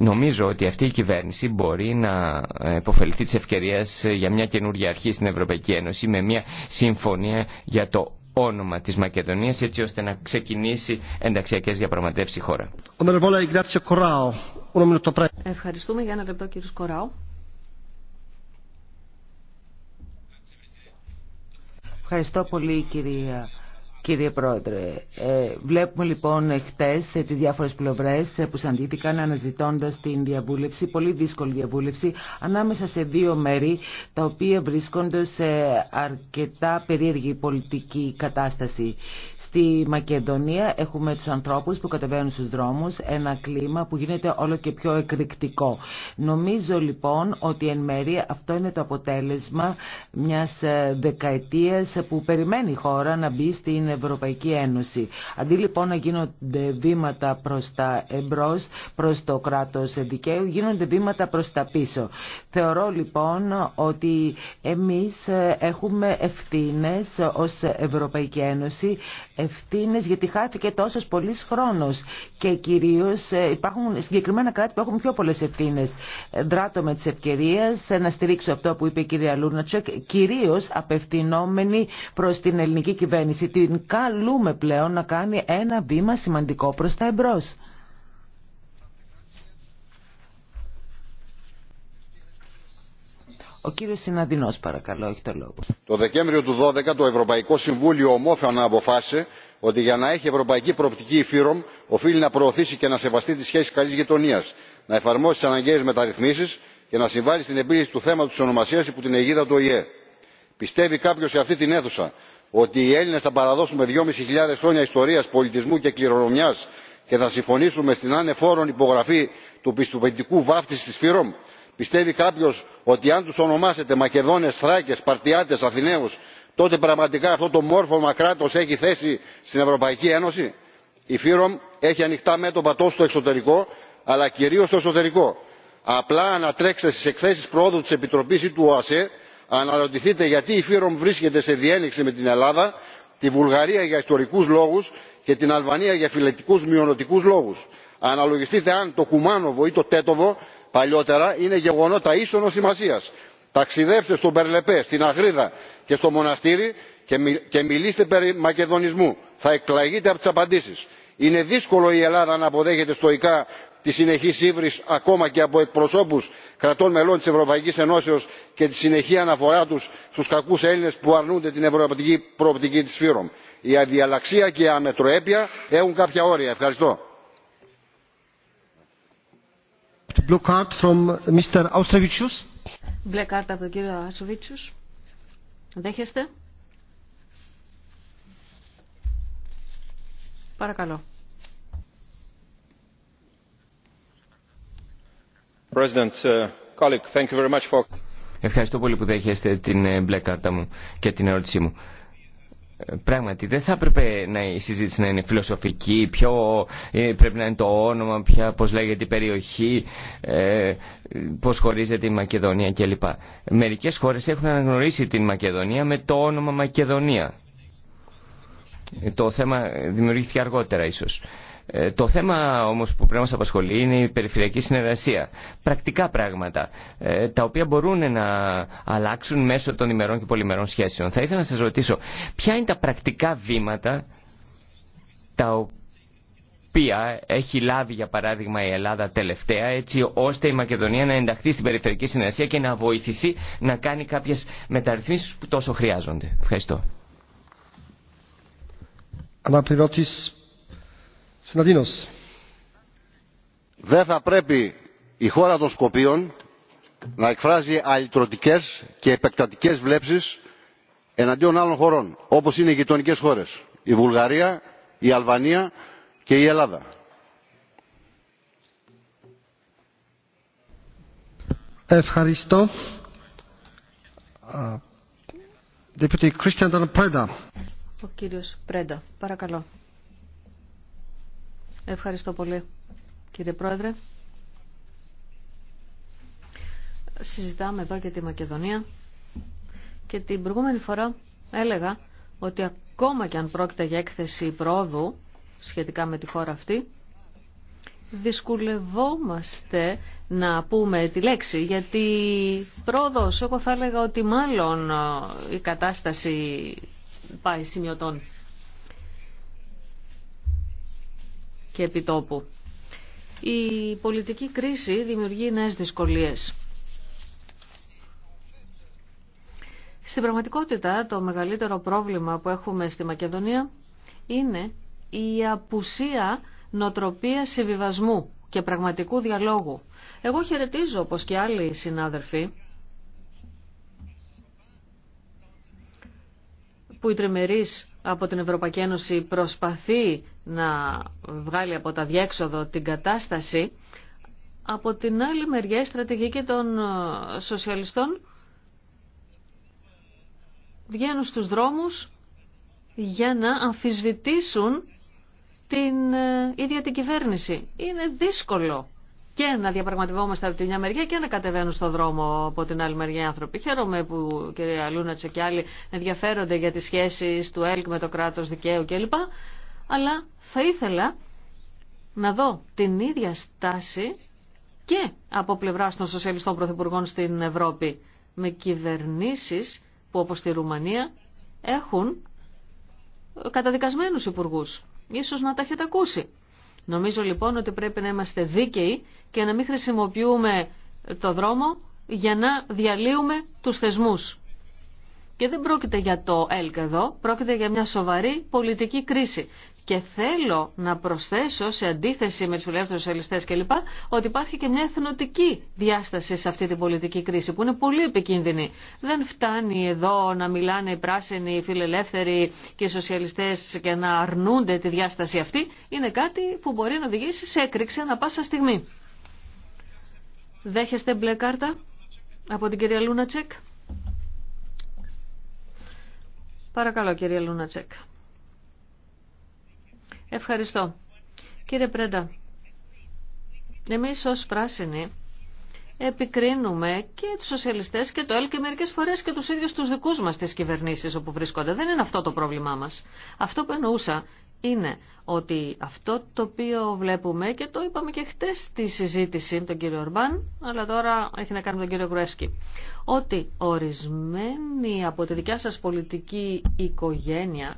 [SPEAKER 10] Νομίζω ότι αυτή η κυβέρνηση μπορεί να υποφεληθεί της ευκαιρίας για μια καινούργια αρχή στην Ευρωπαϊκή Ένωση με μια συμφωνία για το όνομα της Μακεδονίας έτσι ώστε να ξεκινήσει ενταξιακές διαπραγματεύσεις η χώρα.
[SPEAKER 7] Ευχαριστούμε για ένα λεπτό κύριο Κοράου.
[SPEAKER 8] Ευχαριστώ πολύ κυρία Κύριε Πρόεδρε, ε, βλέπουμε λοιπόν χτες τις διάφορες πλευρές που σαντήθηκαν αναζητώντας την διαβούλευση, πολύ δύσκολη διαβούλευση, ανάμεσα σε δύο μέρη τα οποία βρίσκονται σε αρκετά περίεργη πολιτική κατάσταση. Στη Μακεδονία έχουμε τους ανθρώπους που κατεβαίνουν στους δρόμους, ένα κλίμα που γίνεται όλο και πιο εκρηκτικό. Νομίζω λοιπόν ότι εν μέρει αυτό είναι το αποτέλεσμα μιας δεκαετίας που περιμένει η χώρα να μπει στην Ευρωπαϊκή Ένωση. Αντί λοιπόν να γίνονται βήματα προς τα εμπρός, προς το κράτος δικαίου, γίνονται βήματα προς τα πίσω. Θεωρώ λοιπόν ότι εμείς έχουμε ευθύνες ως Ευρωπαϊκή Ένωση, ευθύνες γιατί χάθηκε τόσος πολλής χρόνος και κυρίως ε, υπάρχουν συγκεκριμένα κράτη που έχουν πιο πολλές ευθύνες. Δράτω με τις ευκαιρίες ε, να στηρίξω αυτό που είπε η κυρία Λούρνατσοκ κυρίως απευθυνόμενη προς την ελληνική κυβέρνηση, την καλούμε πλέον να κάνει ένα βήμα σημαντικό προς τα εμπρός. Ο κύριος Συναδεινός παρακαλώ, έχει το λόγο.
[SPEAKER 12] Το Δεκέμβριο του 2012 το Ευρωπαϊκό Συμβούλιο ομόφωνα αποφάσισε ότι για να έχει ευρωπαϊκή προοπτική η φύρομ οφείλει να προωθήσει και να σεβαστεί τι σχέσει καλής γειτονίας, να εφαρμόσει τις αναγκαίες μεταρρυθμίσει και να συμβάλλει στην επίλυση του θέματος της ονομασίας υπό την αιγίδα του οηε. πιστεύει κάποιο σε αυτή την αίθουσα ότι οι έλληνες θα παραδώσουμε δυόμισι χιλιάδες χρόνια ιστορίας πολιτισμού και κληρονομιάς και θα συμφωνήσουμε στην ανεφόρον υπογραφή του πιστοποιητικού βάφτισης της φύρομ; πιστεύει κάποιος ότι αν τους ονομάσετε μακεδόνες θράκες σπαρτιάτες αθηναίους τότε πραγματικά αυτό το μόρφωμα κράτος έχει θέση στην ευρωπαϊκή ένωση; η φύρομ έχει ανοιχτά μέτωπα τόσο στο εξωτερικό αλλά κυρίως στο εσωτερικό. απλά ανατρέξτε στις εκθέσεις προόδου τη επιτροπής του οασέ αναρωτηθείτε γιατί η φύρομ βρίσκεται σε διένεξη με την ελλάδα τη βουλγαρία για ιστορικούς λόγους και την αλβανία για φυλετικούς μειονοτικούς λόγους. αναλογιστείτε αν το κουμάνοβο ή το τέτοβο παλιότερα είναι γεγονότα ίσονος σημασίας. ταξιδεύστε στον περλεπέ στην αγρίδα και στο μοναστήρι και μιλήστε περί μακεδονισμού. θα εκλαγείτε από τις απαντήσεις. είναι δύσκολο η ελλάδα να αποδέχεται στοικά τη συνεχή ύβρι ακόμα και από εκπροσώπους κρατών μελών της ευρωπαϊκής ενώσεως και τη συνεχή αναφορά τους στους κακούς έλληνες που αρνούνται την ευρωπαϊκή προοπτική της φύρομ. η αδιαλαξία και η αμετροέπεια έχουν κάποια όρια. ευχαριστώ. Uh,
[SPEAKER 10] Ευχαριστώ πολύ που δέχεστε την ε, μπλε κάρτα μου και την ερώτησή μου. Ε, πράγματι, δεν θα έπρεπε να, η συζήτηση να είναι φιλοσοφική, ποιο ε, πρέπει να είναι το όνομα, ποια, πώς λέγεται η περιοχή, πώς χωρίζεται η Μακεδονία κλπ. Μερικές χώρες έχουν αναγνωρίσει την Μακεδονία με το όνομα Μακεδονία. Το θέμα δημιουργήθηκε αργότερα ίσως. Ε, το θέμα όμως που πρέπει να μας απασχολεί είναι η περιφερειακή συνεργασία. Πρακτικά πράγματα, ε, τα οποία μπορούν να αλλάξουν μέσω των ημερών και πολυμερών σχέσεων. Θα ήθελα να σας ρωτήσω, ποια είναι τα πρακτικά βήματα τα οποία έχει λάβει για παράδειγμα η Ελλάδα τελευταία έτσι ώστε η Μακεδονία να ενταχθεί στην περιφερειακή συνεργασία και να βοηθηθεί να κάνει κάποιες μεταρρυθμίσεις που τόσο χρειάζονται. Ευχαριστώ.
[SPEAKER 2] Αναπληρώτης
[SPEAKER 12] δεν θα πρέπει η χώρα των Σκοπίων να εκφράζει αλυτρωτικές και επεκτατικές βλέψεις εναντίον άλλων χωρών, όπως είναι οι γειτονικές χώρες, η Βουλγαρία, η Αλβανία και η Ελλάδα.
[SPEAKER 2] Ευχαριστώ. Christian Preda.
[SPEAKER 7] Ο κύριος Πρέντα, παρακαλώ. Ευχαριστώ πολύ, κύριε Πρόεδρε. Συζητάμε εδώ και τη Μακεδονία και την προηγούμενη φορά έλεγα ότι ακόμα και αν πρόκειται για έκθεση πρόοδου σχετικά με τη χώρα αυτή, δυσκολευόμαστε να πούμε τη λέξη, γιατί πρόοδος, εγώ θα έλεγα ότι μάλλον ε, η κατάσταση πάει σημειωτών. και επιτόπου. Η πολιτική κρίση δημιουργεί νέες δυσκολίες. Στην πραγματικότητα το μεγαλύτερο πρόβλημα που έχουμε στη Μακεδονία είναι η απουσία νοτροπίας συμβιβασμού και πραγματικού διαλόγου. Εγώ χαιρετίζω, όπως και άλλοι συνάδελφοι, που οι τριμερείς από την Ευρωπαϊκή Ένωση προσπαθεί να βγάλει από τα διέξοδο την κατάσταση, από την άλλη μεριά η στρατηγική των ε, σοσιαλιστών βγαίνουν στους δρόμους για να αμφισβητήσουν την ε, ίδια την κυβέρνηση. Είναι δύσκολο και να διαπραγματευόμαστε από τη μια μεριά και να κατεβαίνουν στον δρόμο από την άλλη μεριά οι άνθρωποι. Χαίρομαι που κυρία Λούνατσε και άλλοι ενδιαφέρονται για τις σχέσεις του ΕΛΚ με το κράτος δικαίου κλπ. Αλλά θα ήθελα να δω την ίδια στάση και από πλευρά των σοσιαλιστών πρωθυπουργών στην Ευρώπη με κυβερνήσεις που όπως τη Ρουμανία έχουν καταδικασμένους υπουργούς. Ίσως να τα έχετε ακούσει. Νομίζω λοιπόν ότι πρέπει να είμαστε δίκαιοι και να μην χρησιμοποιούμε το δρόμο για να διαλύουμε τους θεσμούς. Και δεν πρόκειται για το ΕΛΚ εδώ, πρόκειται για μια σοβαρή πολιτική κρίση. Και θέλω να προσθέσω, σε αντίθεση με του ελεύθερου σοσιαλιστέ κλπ., ότι υπάρχει και μια εθνοτική διάσταση σε αυτή την πολιτική κρίση που είναι πολύ επικίνδυνη. Δεν φτάνει εδώ να μιλάνε οι πράσινοι, οι φιλελεύθεροι και οι σοσιαλιστέ και να αρνούνται τη διάσταση αυτή. Είναι κάτι που μπορεί να οδηγήσει σε έκρηξη ανα πάσα στιγμή. Δέχεστε μπλε κάρτα από την κυρία Λούνατσεκ. Παρακαλώ κυρία Λούνατσεκ. Ευχαριστώ. Κύριε Πρέντα, εμείς ως πράσινοι επικρίνουμε και τους σοσιαλιστές και το ΕΛ και μερικές φορές και τους ίδιους τους δικούς μας τις κυβερνήσεις όπου βρισκόνται. Δεν είναι αυτό το πρόβλημά μας. Αυτό που εννοούσα είναι ότι αυτό το οποίο βλέπουμε και το είπαμε και χτες στη συζήτηση με τον κύριο Ορμπάν, αλλά τώρα έχει να κάνει με τον κύριο Γκρουεύσκη, ότι ορισμένοι από τη δικιά σας πολιτική οικογένεια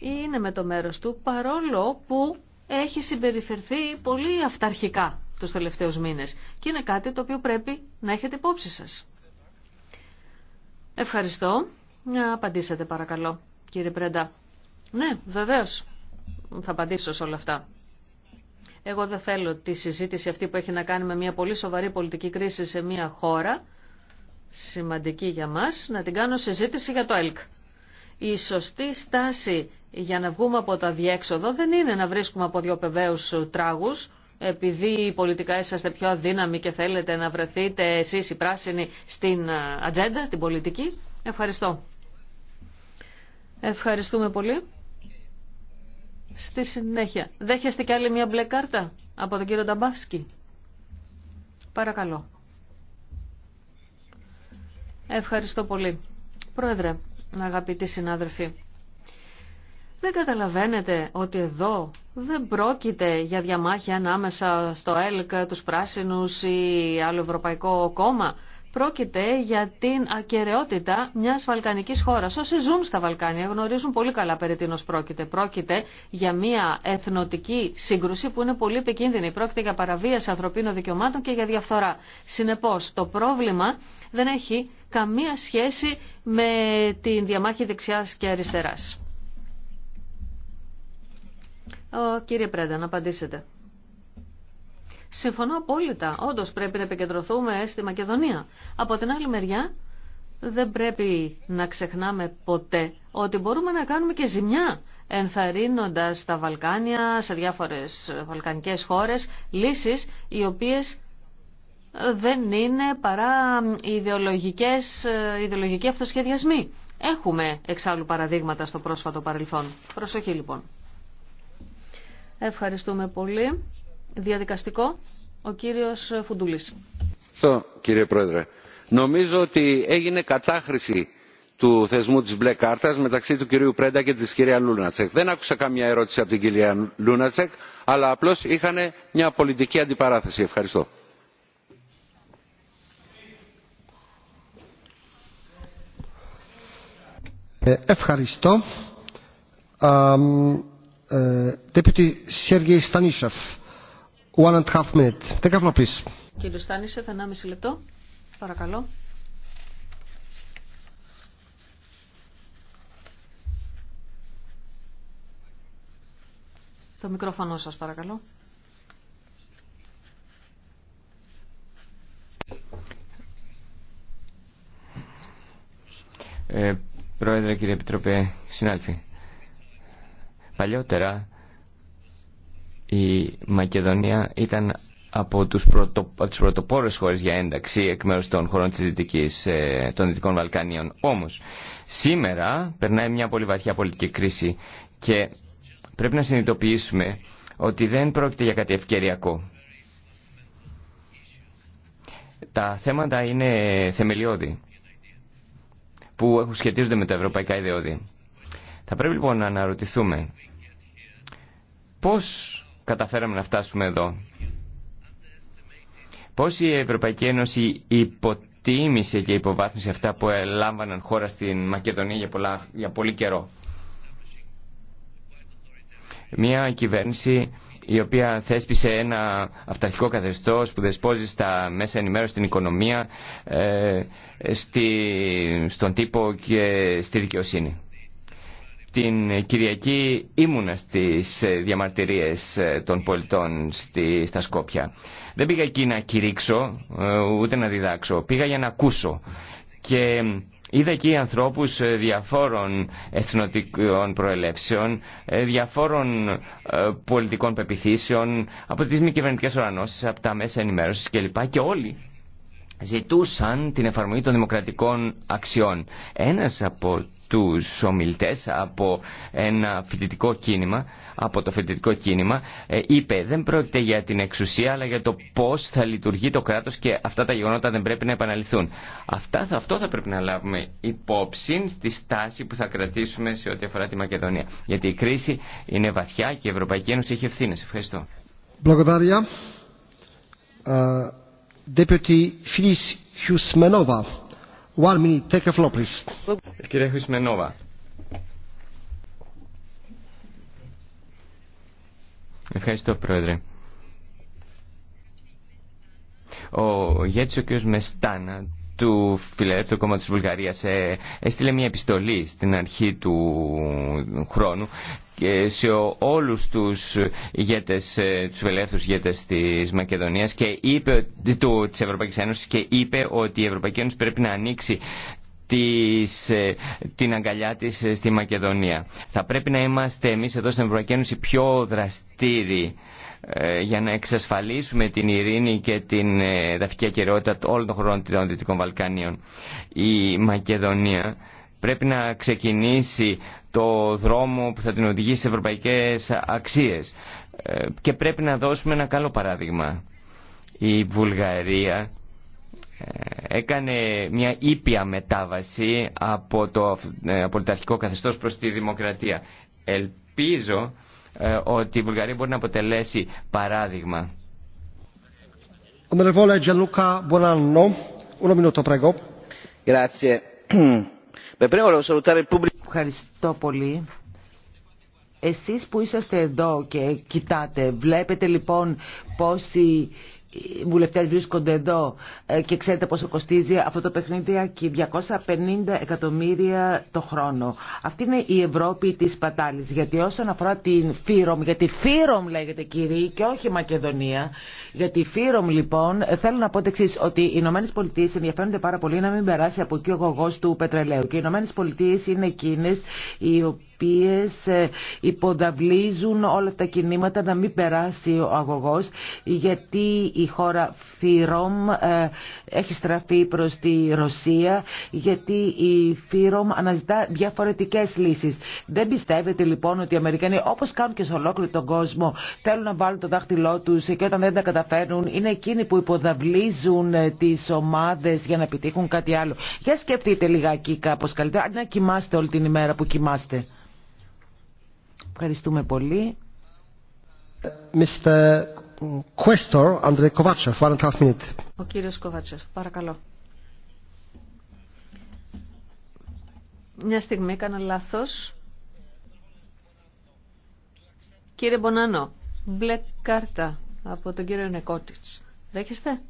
[SPEAKER 7] είναι με το μέρος του παρόλο που έχει συμπεριφερθεί πολύ αυταρχικά τους τελευταίους μήνες και είναι κάτι το οποίο πρέπει να έχετε υπόψη σας. Ευχαριστώ. Να απαντήσετε παρακαλώ, κύριε Πρέντα. Ναι, βεβαίως. Θα απαντήσω σε όλα αυτά. Εγώ δεν θέλω τη συζήτηση αυτή που έχει να κάνει με μια πολύ σοβαρή πολιτική κρίση σε μια χώρα, σημαντική για μας, να την κάνω συζήτηση για το ΕΛΚ. Η σωστή στάση για να βγούμε από τα διέξοδο δεν είναι να βρίσκουμε από δύο πεβαίους τράγους επειδή πολιτικά είσαστε πιο αδύναμοι και θέλετε να βρεθείτε εσείς οι πράσινοι στην ε, ατζέντα, στην πολιτική. Ευχαριστώ. Ευχαριστούμε πολύ. Στη συνέχεια, δέχεστε και άλλη μια μπλε κάρτα από τον κύριο Νταμπάσκι. Παρακαλώ. Ευχαριστώ πολύ. Πρόεδρε, αγαπητοί συνάδελφοι, δεν καταλαβαίνετε ότι εδώ δεν πρόκειται για διαμάχη ανάμεσα στο ΕΛΚ, τους Πράσινους ή άλλο Ευρωπαϊκό Κόμμα. Πρόκειται για την ακαιρεότητα μιας βαλκανικής χώρας. Όσοι ζουν στα Βαλκάνια γνωρίζουν πολύ καλά περί τίνος πρόκειται. Πρόκειται για μια εθνοτική σύγκρουση που είναι πολύ επικίνδυνη. Πρόκειται για παραβίαση ανθρωπίνων δικαιωμάτων και για διαφθορά. Συνεπώς, το πρόβλημα δεν έχει καμία σχέση με την διαμάχη δεξιάς και αριστεράς κύριε Πρέντα, να απαντήσετε. Συμφωνώ απόλυτα. Όντω πρέπει να επικεντρωθούμε στη Μακεδονία. Από την άλλη μεριά, δεν πρέπει να ξεχνάμε ποτέ ότι μπορούμε να κάνουμε και ζημιά ενθαρρύνοντας τα Βαλκάνια σε διάφορες βαλκανικές χώρες λύσεις οι οποίες δεν είναι παρά ιδεολογικές, ιδεολογικοί αυτοσχεδιασμοί. Έχουμε εξάλλου παραδείγματα στο πρόσφατο παρελθόν. Προσοχή λοιπόν. Ευχαριστούμε πολύ. Διαδικαστικό, ο κύριος Φουντούλης.
[SPEAKER 11] Ευχαριστώ κύριε Πρόεδρε. Νομίζω ότι έγινε κατάχρηση του θεσμού της μπλε κάρτας μεταξύ του κυρίου Πρέντα και της κυρία Λούνατσεκ. Δεν άκουσα καμία ερώτηση από την κυρία Λούνατσεκ, αλλά απλώς είχαν μια πολιτική αντιπαράθεση. Ευχαριστώ.
[SPEAKER 2] Ε, ευχαριστώ. Ε, Deputy Sergei Stanishev, one and a half minute. Take a floor, please.
[SPEAKER 7] Κύριο Στάνισεφ, 1,5 λεπτό. Παρακαλώ. Το μικρόφωνο σας παρακαλώ.
[SPEAKER 10] Ε, πρόεδρε, κύριε Επιτροπέ, συνάλφη. Παλιότερα η Μακεδονία ήταν από τους, πρωτο, από χώρες για ένταξη εκ μέρους των χωρών Δυτικής, ε, των Δυτικών Βαλκανίων. Όμως, σήμερα περνάει μια πολύ βαθιά πολιτική κρίση και πρέπει να συνειδητοποιήσουμε ότι δεν πρόκειται για κάτι ευκαιριακό. Τα θέματα είναι θεμελιώδη που σχετίζονται με τα ευρωπαϊκά ιδεώδη. Θα πρέπει λοιπόν να αναρωτηθούμε πώς καταφέραμε να φτάσουμε εδώ. Πώς η Ευρωπαϊκή Ένωση υποτίμησε και υποβάθμισε αυτά που ελάμβαναν χώρα στην Μακεδονία για, πολύ καιρό. Μια κυβέρνηση η οποία θέσπισε ένα αυταρχικό καθεστώς που δεσπόζει στα μέσα ενημέρωση, στην οικονομία, ε, στη, στον τύπο και στη δικαιοσύνη την Κυριακή ήμουνα στις ε, διαμαρτυρίες ε, των πολιτών στη, στα Σκόπια. Δεν πήγα εκεί να κηρύξω, ε, ούτε να διδάξω. Πήγα για να ακούσω. Και είδα εκεί ανθρώπους διαφόρων εθνοτικών προελεύσεων, διαφόρων πολιτικών πεπιθήσεων, από τις μη κυβερνητικές οργανώσεις, από τα μέσα ενημέρωσης κλπ. Και όλοι ζητούσαν την εφαρμογή των δημοκρατικών αξιών. Ένας από τους ομιλητές από ένα φοιτητικό κίνημα, από το φοιτητικό κίνημα, ε, είπε δεν πρόκειται για την εξουσία αλλά για το πώς θα λειτουργεί το κράτος και αυτά τα γεγονότα δεν πρέπει να επαναληφθούν. Αυτά, αυτό θα πρέπει να λάβουμε υπόψη στη στάση που θα κρατήσουμε σε ό,τι αφορά τη Μακεδονία. Γιατί η κρίση είναι βαθιά και η Ευρωπαϊκή Ένωση έχει ευθύνε. Ευχαριστώ.
[SPEAKER 2] Э, Deputy Filis One minute. Take a please.
[SPEAKER 10] Ευχαριστώ, Πρόεδρε. Ο και ο Μεστάνα του Φιλελεύθερου Κόμματος Βουλγαρία Βουλγαρίας ε, έστειλε μια επιστολή στην αρχή του χρόνου σε όλους τους ηγέτες, ε, τους ελεύθερους ηγέτες της Μακεδονίας και είπε, του, της Ευρωπαϊκής Ένωσης και είπε ότι η Ευρωπαϊκή Ένωση πρέπει να ανοίξει ε, την αγκαλιά της στη Μακεδονία. Θα πρέπει να είμαστε εμείς εδώ στην Ευρωπαϊκή Ένωση πιο δραστήριοι ε, για να εξασφαλίσουμε την ειρήνη και την ε, εδαφική ακαιρεότητα όλων των χωρών των Δυτικών Βαλκανίων. Η Μακεδονία πρέπει να ξεκινήσει το δρόμο που θα την οδηγήσει σε ευρωπαϊκές αξίες ε, και πρέπει να δώσουμε ένα καλό παράδειγμα. Η Βουλγαρία έκανε μια ήπια μετάβαση από το απολυταρχικό καθεστώς προς τη δημοκρατία. Ελπίζω ε, ότι η Βουλγαρία μπορεί να αποτελέσει παράδειγμα.
[SPEAKER 8] Ευχαριστώ πολύ. Εσείς που είσαστε εδώ και κοιτάτε, βλέπετε λοιπόν πόσοι οι βουλευτές βρίσκονται εδώ ε, και ξέρετε πόσο κοστίζει αυτό το παιχνίδι και 250 εκατομμύρια το χρόνο. Αυτή είναι η Ευρώπη της πατάλης, γιατί όσον αφορά την Φύρομ, γιατί Φύρομ λέγεται κύριοι και όχι Μακεδονία, γιατί Φύρομ λοιπόν θέλω να πω εξής, ότι οι Ηνωμένες Πολιτείες ενδιαφέρονται πάρα πολύ να μην περάσει από εκεί ο γογός του πετρελαίου και οι Ηνωμένες Πολιτείες είναι εκείνε οι οποίε ε, υποδαβλίζουν όλα αυτά τα κινήματα να μην περάσει ο αγωγό γιατί η η χώρα Φύρομ ε, έχει στραφεί προς τη Ρωσία γιατί η Φύρομ αναζητά διαφορετικές λύσεις. Δεν πιστεύετε λοιπόν ότι οι Αμερικανοί όπως κάνουν και σε ολόκληρο τον κόσμο θέλουν να βάλουν το δάχτυλό τους και όταν δεν τα καταφέρνουν είναι εκείνοι που υποδαβλίζουν ε, τις ομάδες για να επιτύχουν κάτι άλλο. Για σκεφτείτε λιγάκι κάπως καλύτερα, αντί να κοιμάστε όλη την ημέρα που κοιμάστε.
[SPEAKER 2] Ευχαριστούμε πολύ. Ε,
[SPEAKER 7] ο κύριος Κοβάτσεφ, παρακαλώ. Μια στιγμή έκανα λάθος. Κύριε Μπονάνο, μπλε κάρτα από τον κύριο Νεκότιτς. Δέχεστε?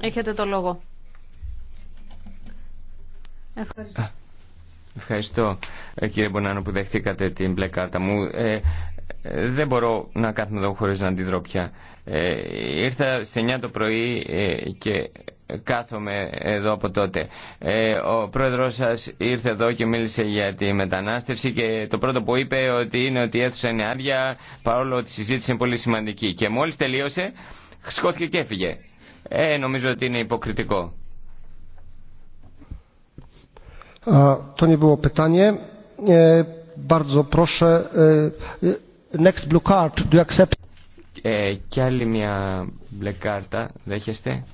[SPEAKER 7] Έχετε το λόγο.
[SPEAKER 10] Ευχαριστώ. Ευχαριστώ ε, κύριε Μπονάνο που δεχτήκατε την μπλε κάρτα μου. Ε, ε, δεν μπορώ να κάθομαι εδώ χωρίς να αντιδρώ πια. Ε, ήρθα σε 9 το πρωί ε, και κάθομαι εδώ από τότε. ο πρόεδρος σας ήρθε εδώ και μίλησε για τη μετανάστευση και το πρώτο που είπε ότι είναι ότι η αίθουσα είναι άδεια παρόλο ότι η συζήτηση είναι πολύ σημαντική. Και μόλις τελείωσε, σκόθηκε και έφυγε. Ε, νομίζω ότι είναι υποκριτικό.
[SPEAKER 2] To nie było pytanie. Bardzo proszę. Next blue card. Do you accept?
[SPEAKER 10] Ε, και άλλη μια μπλε κάρτα. Δέχεστε.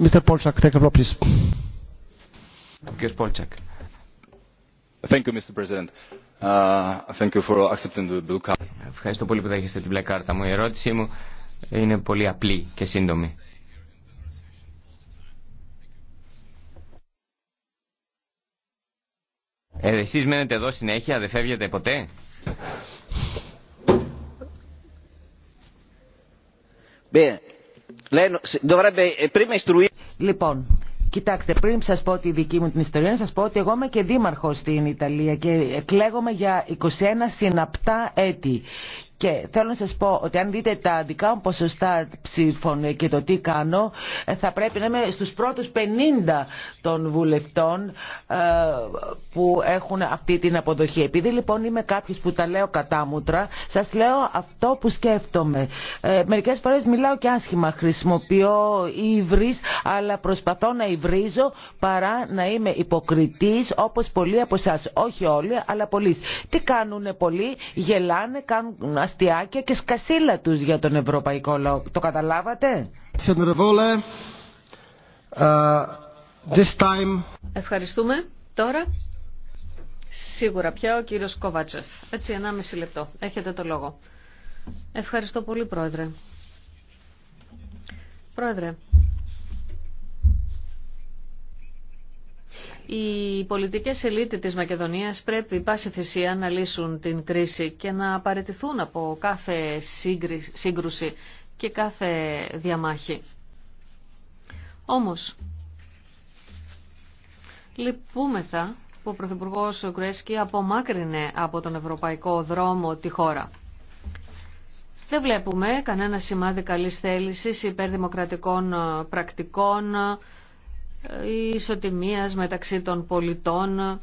[SPEAKER 10] Mr. Polchak, take a floor, please. Κύριος Polchak. Thank you, Mr. President. Uh, thank you for accepting the blue card. Ευχαριστώ πολύ που δέχεστε την μπλε κάρτα μου. Η ερώτησή μου είναι πολύ απλή και σύντομη. Ε, εσείς μένετε εδώ συνέχεια, δεν φεύγετε ποτέ.
[SPEAKER 3] Eh,
[SPEAKER 8] λοιπόν, κοιτάξτε, πριν σας πω τη δική μου την ιστορία, να σας πω ότι εγώ είμαι και δήμαρχος στην Ιταλία και εκλέγομαι για 21 συναπτά έτη. Και θέλω να σας πω ότι αν δείτε τα δικά μου ποσοστά ψήφων και το τι κάνω, ε, θα πρέπει να είμαι στους πρώτους 50 των βουλευτών ε, που έχουν αυτή την αποδοχή. Επειδή λοιπόν είμαι κάποιος που τα λέω κατάμουτρα, σας λέω αυτό που σκέφτομαι. Ε, μερικές φορές μιλάω και άσχημα, χρησιμοποιώ ύβρις, αλλά προσπαθώ να υβρίζω παρά να είμαι υποκριτής όπως πολλοί από εσά. Όχι όλοι, αλλά πολλοί. Τι κάνουν πολλοί, γελάνε, κάνουν αστιάκια και σκασίλα τους για τον ευρωπαϊκό Λόγο. Το καταλάβατε?
[SPEAKER 2] Uh,
[SPEAKER 7] Ευχαριστούμε. Τώρα, σίγουρα πια ο κύριος Κόβατσεφ. Έτσι, μισή λεπτό. Έχετε το λόγο. Ευχαριστώ πολύ, Πρόεδρε. Πρόεδρε, Οι πολιτικές ελίτ της Μακεδονίας πρέπει πάση θυσία να λύσουν την κρίση και να παραιτηθούν από κάθε σύγκρουση και κάθε διαμάχη. Όμως, λυπούμεθα που ο Πρωθυπουργός Γκρέσκι απομάκρυνε από τον ευρωπαϊκό δρόμο τη χώρα. Δεν βλέπουμε κανένα σημάδι καλής θέλησης υπερδημοκρατικών πρακτικών, η ισοτιμίας μεταξύ των πολιτών.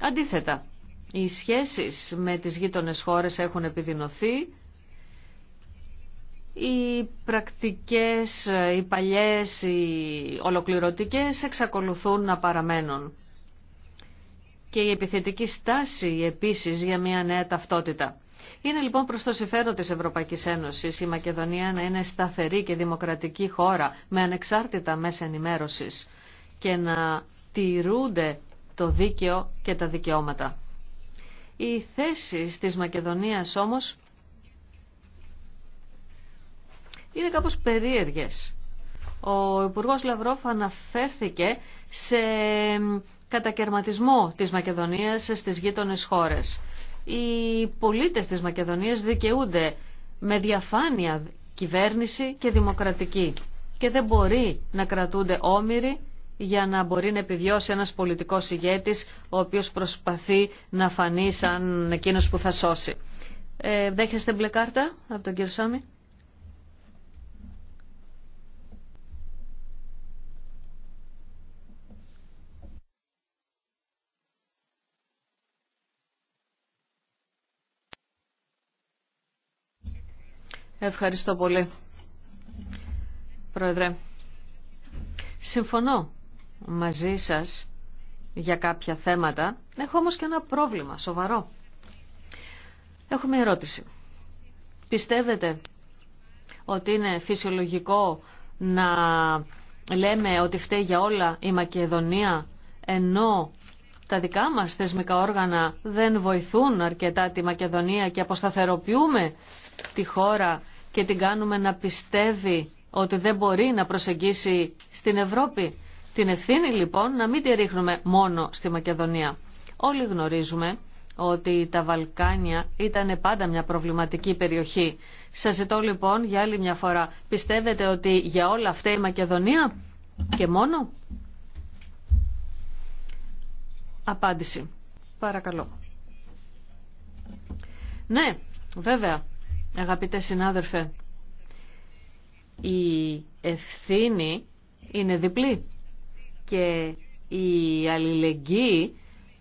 [SPEAKER 7] Αντίθετα, οι σχέσεις με τις γείτονες χώρες έχουν επιδεινωθεί. Οι πρακτικές, οι παλιές, οι ολοκληρωτικές εξακολουθούν να παραμένουν. Και η επιθετική στάση επίσης για μια νέα ταυτότητα. Είναι λοιπόν προς το συμφέρον της Ευρωπαϊκής Ένωσης η Μακεδονία να είναι σταθερή και δημοκρατική χώρα με ανεξάρτητα μέσα ενημέρωσης και να τηρούνται το δίκαιο και τα δικαιώματα. Οι θέσεις της Μακεδονίας όμως είναι κάπως περίεργες. Ο Υπουργός Λαυρόφ αναφέρθηκε σε κατακαιρματισμό της Μακεδονίας στις γείτονες χώρες. Οι πολίτες της Μακεδονίας δικαιούνται με διαφάνεια κυβέρνηση και δημοκρατική και δεν μπορεί να κρατούνται όμοιροι για να μπορεί να επιβιώσει ένας πολιτικός ηγέτης ο οποίος προσπαθεί να φανεί σαν εκείνος που θα σώσει. Ε, δέχεστε μπλε κάρτα από τον κύριο Σάμι. Ευχαριστώ πολύ, Πρόεδρε. Συμφωνώ μαζί σας για κάποια θέματα. Έχω όμως και ένα πρόβλημα σοβαρό. Έχω μια ερώτηση. Πιστεύετε ότι είναι φυσιολογικό να λέμε ότι φταίει για όλα η Μακεδονία ενώ τα δικά μας θεσμικά όργανα δεν βοηθούν αρκετά τη Μακεδονία και αποσταθεροποιούμε τη χώρα και την κάνουμε να πιστεύει ότι δεν μπορεί να προσεγγίσει στην Ευρώπη. Την ευθύνη λοιπόν να μην τη ρίχνουμε μόνο στη Μακεδονία. Όλοι γνωρίζουμε ότι τα Βαλκάνια ήταν πάντα μια προβληματική περιοχή. Σας ζητώ λοιπόν για άλλη μια φορά, πιστεύετε ότι για όλα αυτά η Μακεδονία και μόνο. Απάντηση. Παρακαλώ. Ναι, βέβαια, αγαπητέ συνάδελφε, η ευθύνη είναι διπλή και η αλληλεγγύη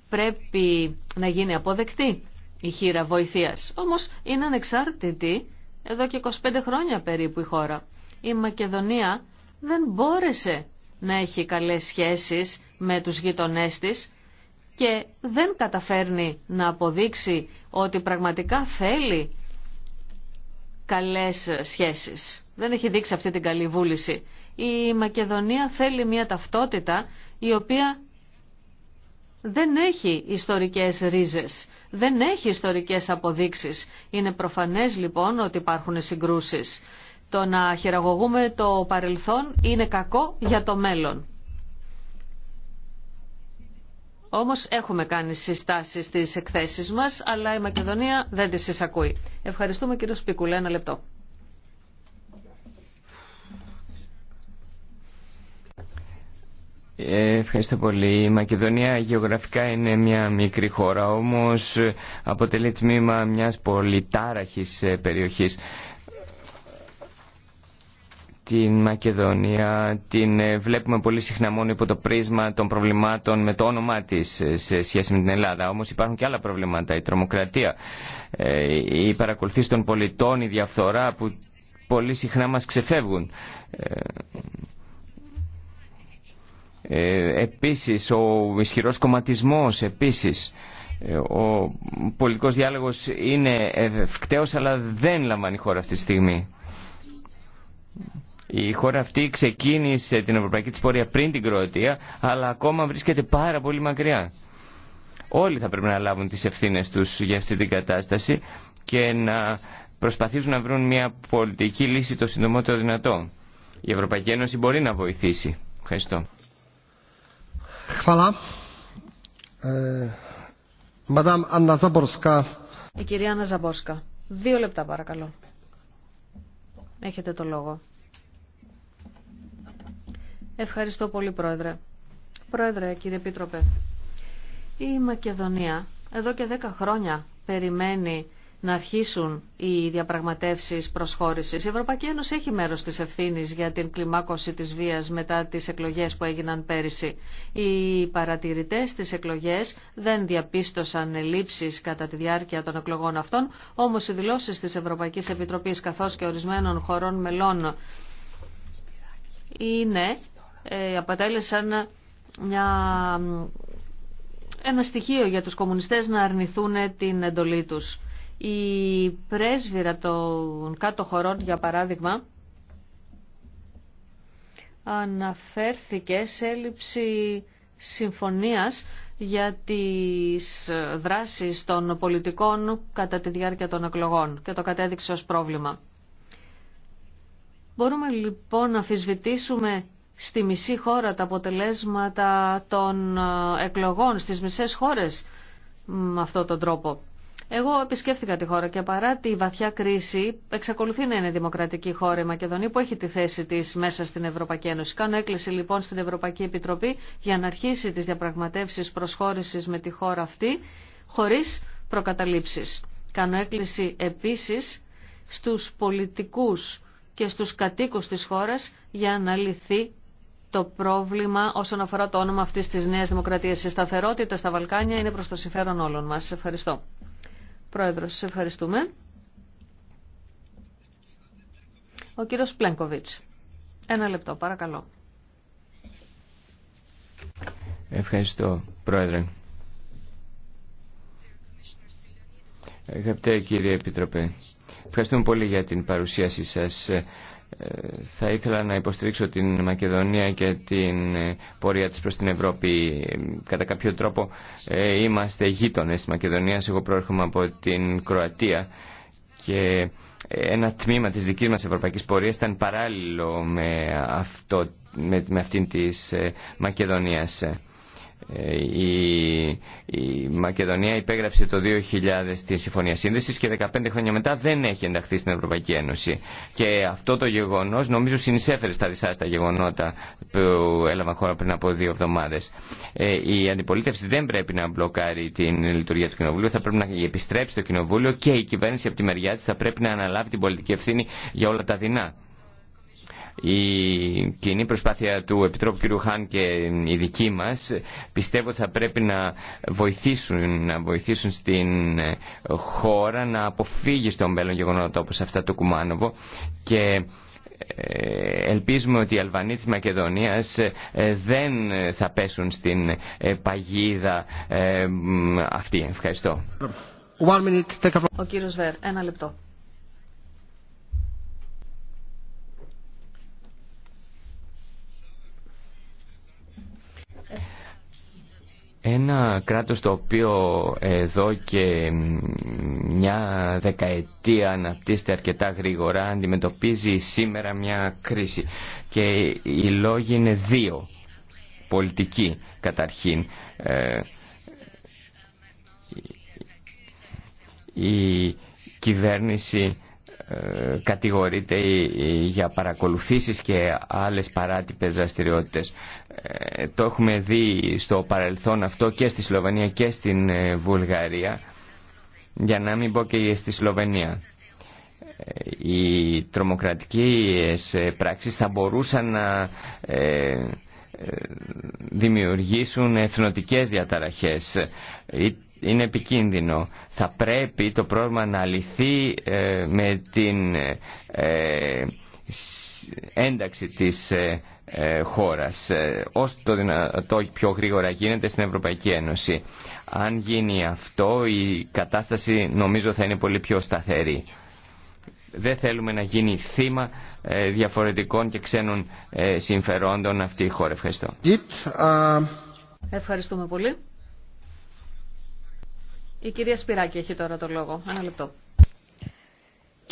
[SPEAKER 7] πρέπει να γίνει αποδεκτή η χείρα βοηθείας. Όμως είναι ανεξάρτητη εδώ και 25 χρόνια περίπου η χώρα. Η Μακεδονία δεν μπόρεσε να έχει καλές σχέσεις με τους γειτονές της και δεν καταφέρνει να αποδείξει ότι πραγματικά θέλει καλές σχέσεις. Δεν έχει δείξει αυτή την καλή βούληση η Μακεδονία θέλει μια ταυτότητα η οποία δεν έχει ιστορικές ρίζες, δεν έχει ιστορικές αποδείξεις. Είναι προφανές λοιπόν ότι υπάρχουν συγκρούσεις. Το να χειραγωγούμε το παρελθόν είναι κακό για το μέλλον. Όμως έχουμε κάνει συστάσεις στις εκθέσεις μας, αλλά η Μακεδονία δεν τις εισακούει. Ευχαριστούμε κύριο Σπικουλέ, ένα λεπτό.
[SPEAKER 10] Ε, ευχαριστώ πολύ. Η Μακεδονία γεωγραφικά είναι μια μικρή χώρα, όμως αποτελεί τμήμα μιας πολυτάραχης ε, περιοχής. Την Μακεδονία την ε, βλέπουμε πολύ συχνά μόνο υπό το πρίσμα των προβλημάτων με το όνομά της σε σχέση με την Ελλάδα. Όμως υπάρχουν και άλλα προβλήματα, η τρομοκρατία, η παρακολουθήση των πολιτών, η διαφθορά που πολύ συχνά μας ξεφεύγουν. Ε, επίσης, ο ισχυρός κομματισμός, επίσης, ε, ο πολιτικός διάλογος είναι ευκταίος, αλλά δεν λαμβάνει χώρα αυτή τη στιγμή. Η χώρα αυτή ξεκίνησε την ευρωπαϊκή της πορεία πριν την Κροατία, αλλά ακόμα βρίσκεται πάρα πολύ μακριά. Όλοι θα πρέπει να λάβουν τις ευθύνες τους για αυτή την κατάσταση και να προσπαθήσουν να βρουν μια πολιτική λύση το συντομότερο δυνατό. Η Ευρωπαϊκή Ένωση μπορεί να βοηθήσει. Ευχαριστώ.
[SPEAKER 2] E,
[SPEAKER 7] η κυρία Άννα Ζαμπόσκα. Δύο λεπτά παρακαλώ. Έχετε το λόγο. Ευχαριστώ πολύ πρόεδρε. Πρόεδρε, κύριε Επίτροπε, η Μακεδονία εδώ και δέκα χρόνια περιμένει να αρχίσουν οι διαπραγματεύσεις προσχώρησης. Η Ευρωπαϊκή Ένωση έχει μέρος της ευθύνη για την κλιμάκωση της βίας μετά τις εκλογές που έγιναν πέρυσι. Οι παρατηρητές στις εκλογές δεν διαπίστωσαν ελλείψεις κατά τη διάρκεια των εκλογών αυτών, όμως οι δηλώσεις της Ευρωπαϊκή Επιτροπής καθώς και ορισμένων χωρών μελών είναι, ε, αποτέλεσαν μια ένα στοιχείο για τους κομμουνιστές να αρνηθούν την εντολή τους η πρέσβυρα των κάτω χωρών, για παράδειγμα, αναφέρθηκε σε έλλειψη συμφωνίας για τις δράσεις των πολιτικών κατά τη διάρκεια των εκλογών και το κατέδειξε ως πρόβλημα. Μπορούμε λοιπόν να αφισβητήσουμε στη μισή χώρα τα αποτελέσματα των εκλογών στις μισές χώρες με αυτόν τον τρόπο. Εγώ επισκέφθηκα τη χώρα και παρά τη βαθιά κρίση εξακολουθεί να είναι δημοκρατική χώρα η Μακεδονία που έχει τη θέση τη μέσα στην Ευρωπαϊκή Ένωση. Κάνω έκκληση λοιπόν στην Ευρωπαϊκή Επιτροπή για να αρχίσει τι διαπραγματεύσει προσχώρηση με τη χώρα αυτή χωρί προκαταλήψει. Κάνω έκκληση επίση στου πολιτικού και στου κατοικού τη χώρα για να λυθεί το πρόβλημα όσον αφορά το όνομα αυτή τη νέα δημοκρατία. Η σταθερότητα στα Βαλκάνια είναι προ το συμφέρον όλων μας. Ευχαριστώ. Πρόεδρος, σας ευχαριστούμε. Ο κύριος Πλένκοβιτς. Ένα λεπτό, παρακαλώ.
[SPEAKER 10] Ευχαριστώ, Πρόεδρε. Αγαπητέ κύριε Επίτροπε, ευχαριστούμε πολύ για την παρουσίασή σας θα ήθελα να υποστηρίξω την Μακεδονία και την ε, πορεία της προς την Ευρώπη. Κατά κάποιο τρόπο ε, είμαστε γείτονες της Μακεδονίας. Εγώ προέρχομαι από την Κροατία και ε, ένα τμήμα της δικής μας ευρωπαϊκής πορείας ήταν παράλληλο με, αυτό, με αυτήν της Μακεδονίας η, η Μακεδονία υπέγραψε το 2000 τη Συμφωνία Σύνδεσης και 15 χρόνια μετά δεν έχει ενταχθεί στην Ευρωπαϊκή Ένωση. Και αυτό το γεγονός νομίζω συνεισέφερε στα δυσάρεστα γεγονότα που έλαβαν χώρα πριν από δύο εβδομάδες. Ε, η αντιπολίτευση δεν πρέπει να μπλοκάρει την λειτουργία του Κοινοβουλίου, θα πρέπει να επιστρέψει το Κοινοβούλιο και η κυβέρνηση από τη μεριά της θα πρέπει να αναλάβει την πολιτική ευθύνη για όλα τα δεινά η κοινή προσπάθεια του Επιτρόπου κ. Χάν και η δική μας πιστεύω θα πρέπει να βοηθήσουν, να βοηθήσουν στην χώρα να αποφύγει στο μέλλον γεγονότα όπως αυτά το Κουμάνοβο και ε, ελπίζουμε ότι οι Αλβανοί της Μακεδονίας ε, δεν θα πέσουν στην ε, παγίδα αυτή. Ευχαριστώ.
[SPEAKER 7] Ο κύριος Βέρ, ένα λεπτό.
[SPEAKER 10] Ένα κράτος το οποίο εδώ και μια δεκαετία αναπτύσσεται αρκετά γρήγορα αντιμετωπίζει σήμερα μια κρίση και οι λόγοι είναι δύο. Πολιτική καταρχήν. Ε, η κυβέρνηση ε, κατηγορείται ε, για παρακολουθήσεις και άλλες παράτυπες δραστηριότητες. Ε, το έχουμε δει στο παρελθόν αυτό και στη Σλοβενία και στην ε, Βουλγαρία για να μην πω και στη Σλοβενία ε, οι τρομοκρατικές πράξεις θα μπορούσαν να δημιουργήσουν εθνοτικές διαταραχές είναι επικίνδυνο. Θα πρέπει το πρόβλημα να λυθεί με την ένταξη της ε, χώρας ε, όσο το πιο γρήγορα γίνεται στην Ευρωπαϊκή Ένωση. Αν γίνει αυτό η κατάσταση νομίζω θα είναι πολύ πιο σταθερή. Δεν θέλουμε να γίνει θύμα ε, διαφορετικών και ξένων συμφερόντων αυτή η χώρα. Ευχαριστώ.
[SPEAKER 7] Ευχαριστούμε πολύ. Η κυρία Σπυράκη έχει τώρα το λόγο. Ένα λεπτό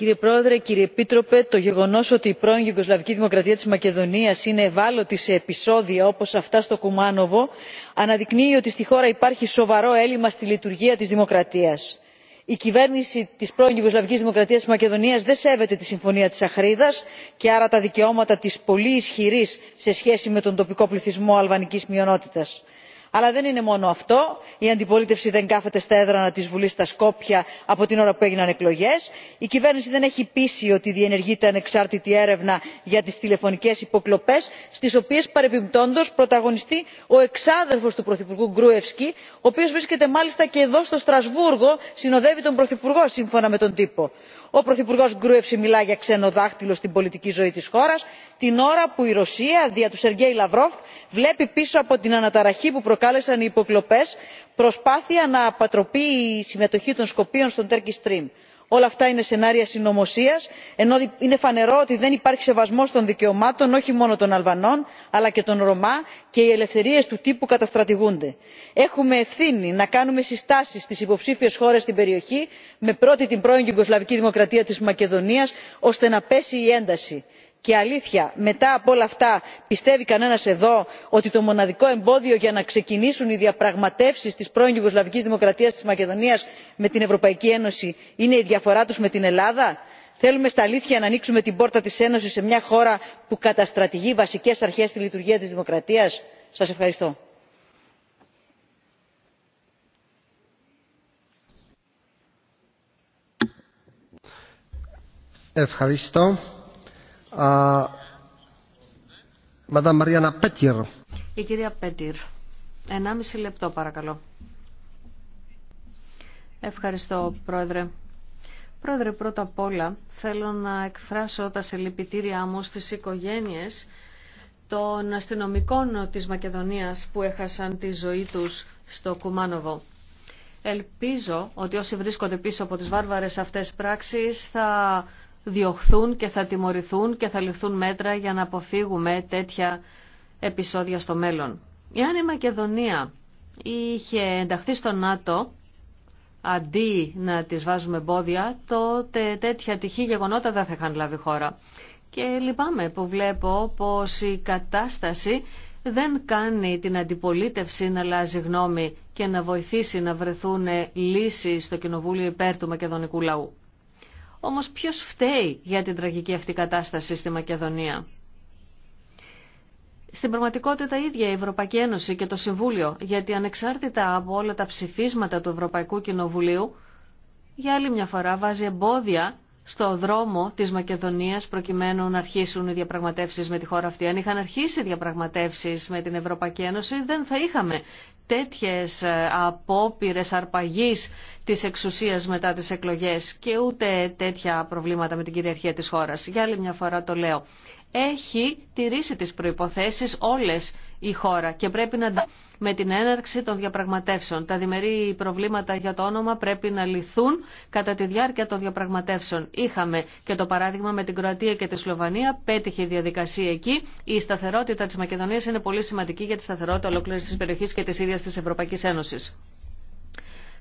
[SPEAKER 13] κύριε πρόεδρε κύριε επίτροπε το γεγονός ότι η πρώην ιουγκοσλαβική δημοκρατία της μακεδονίας είναι ευάλωτη σε επεισόδια όπως αυτά στο κουμάνοβο αναδεικνύει ότι στη χώρα υπάρχει σοβαρό έλλειμμα στη λειτουργία της δημοκρατίας. η κυβέρνηση της πρώην ιουγκοσλαβικής δημοκρατίας της μακεδονίας δεν σέβεται τη συμφωνία της αχρίδας και άρα τα δικαιώματα της πολύ ισχυρή σε σχέση με τον τοπικό πληθυσμό αλβανικής μειονότητας αλλά δεν είναι μόνο αυτό η αντιπολίτευση δεν κάθεται στα έδρανα της βουλής στα σκόπια από την ώρα που έγιναν εκλογές η κυβέρνηση δεν έχει πείσει ότι διενεργείται ανεξάρτητη έρευνα για τις τηλεφωνικές υποκλοπές στις οποίες παρεμπιπτόντως πρωταγωνιστεί ο εξάδελφος του πρωθυπουργού Γκρούευσκι, ο οποίος βρίσκεται μάλιστα και εδώ στο στρασβούργο συνοδεύει τον πρωθυπουργό σύμφωνα με τον τύπο ο πρωθυπουργό γκρούευση μιλά για ξένο δάχτυλο στην πολιτική ζωή της χώρας την ώρα που η ρωσία δια του σεργέη Λαυρόφ, βλέπει πίσω από την αναταραχή που προκάλεσαν οι υποκλοπές προσπάθεια να αποτραπεί η συμμετοχή των σκοπίων στον turkish stream όλα αυτά είναι σενάρια συνωμοσία ενώ είναι φανερό ότι δεν υπάρχει σεβασμό των δικαιωμάτων όχι μόνο των αλβανών αλλά και των ρωμά και οι ελευθερίε του τύπου καταστρατηγούνται. έχουμε ευθύνη να κάνουμε συστάσει στι υποψήφιε χώρε στην περιοχή με πρώτη την πρώην γιουγκοσλαβική δημοκρατία τη μακεδονία ώστε να πέσει η ένταση και αλήθεια μετά από όλα αυτά πιστεύει κανένας εδώ ότι το μοναδικό εμπόδιο για να ξεκινήσουν οι διαπραγματεύσεις της πρώην ιουγκοσλαβικής δημοκρατίας της μακεδονίας με την ευρωπαϊκή ένωση είναι η διαφορά τους με την ελλάδα; θέλουμε στα αλήθεια να ανοίξουμε την πόρτα της ένωσης σε μια χώρα που καταστρατηγεί βασικές αρχές στη λειτουργία της δημοκρατίας; σας ευχαριστώ.
[SPEAKER 7] Η κυρία Πέτυρ. Ενάμιση λεπτό παρακαλώ. Ευχαριστώ πρόεδρε. Πρόεδρε, πρώτα απ' όλα θέλω να εκφράσω τα συλληπιτήριά μου στις οικογένειες των αστυνομικών της Μακεδονίας που έχασαν τη ζωή τους στο Κουμάνοβο. Ελπίζω ότι όσοι βρίσκονται πίσω από τις βάρβαρες αυτές πράξεις θα διωχθούν και θα τιμωρηθούν και θα ληφθούν μέτρα για να αποφύγουμε τέτοια επεισόδια στο μέλλον. Εάν η Μακεδονία είχε ενταχθεί στο ΝΑΤΟ, αντί να τις βάζουμε εμπόδια, τότε τέτοια τυχή γεγονότα δεν θα είχαν λάβει χώρα. Και λυπάμαι που βλέπω πως η κατάσταση δεν κάνει την αντιπολίτευση να αλλάζει γνώμη και να βοηθήσει να βρεθούν λύσεις στο Κοινοβούλιο υπέρ του Μακεδονικού λαού. Όμως ποιος φταίει για την τραγική αυτή κατάσταση στη Μακεδονία. Στην πραγματικότητα ίδια η Ευρωπαϊκή Ένωση και το Συμβούλιο, γιατί ανεξάρτητα από όλα τα ψηφίσματα του Ευρωπαϊκού Κοινοβουλίου, για άλλη μια φορά βάζει εμπόδια στο δρόμο της Μακεδονίας προκειμένου να αρχίσουν οι διαπραγματεύσεις με τη χώρα αυτή. Αν είχαν αρχίσει οι διαπραγματεύσεις με την Ευρωπαϊκή Ένωση δεν θα είχαμε τέτοιε απόπειρε αρπαγής της εξουσίας μετά τις εκλογές και ούτε τέτοια προβλήματα με την κυριαρχία της χώρας. Για άλλη μια φορά το λέω. Έχει τηρήσει τι προποθέσει όλε η χώρα και πρέπει να με την έναρξη των διαπραγματεύσεων. Τα διμερεί προβλήματα για το όνομα πρέπει να λυθούν κατά τη διάρκεια των διαπραγματεύσεων. Είχαμε και το παράδειγμα με την Κροατία και τη Σλοβανία, πέτυχε η διαδικασία εκεί. Η σταθερότητα τη Μακεδονία είναι πολύ σημαντική για τη σταθερότητα ολόκληρη τη περιοχή και τη ίδια τη Ευρωπαϊκή Ένωση.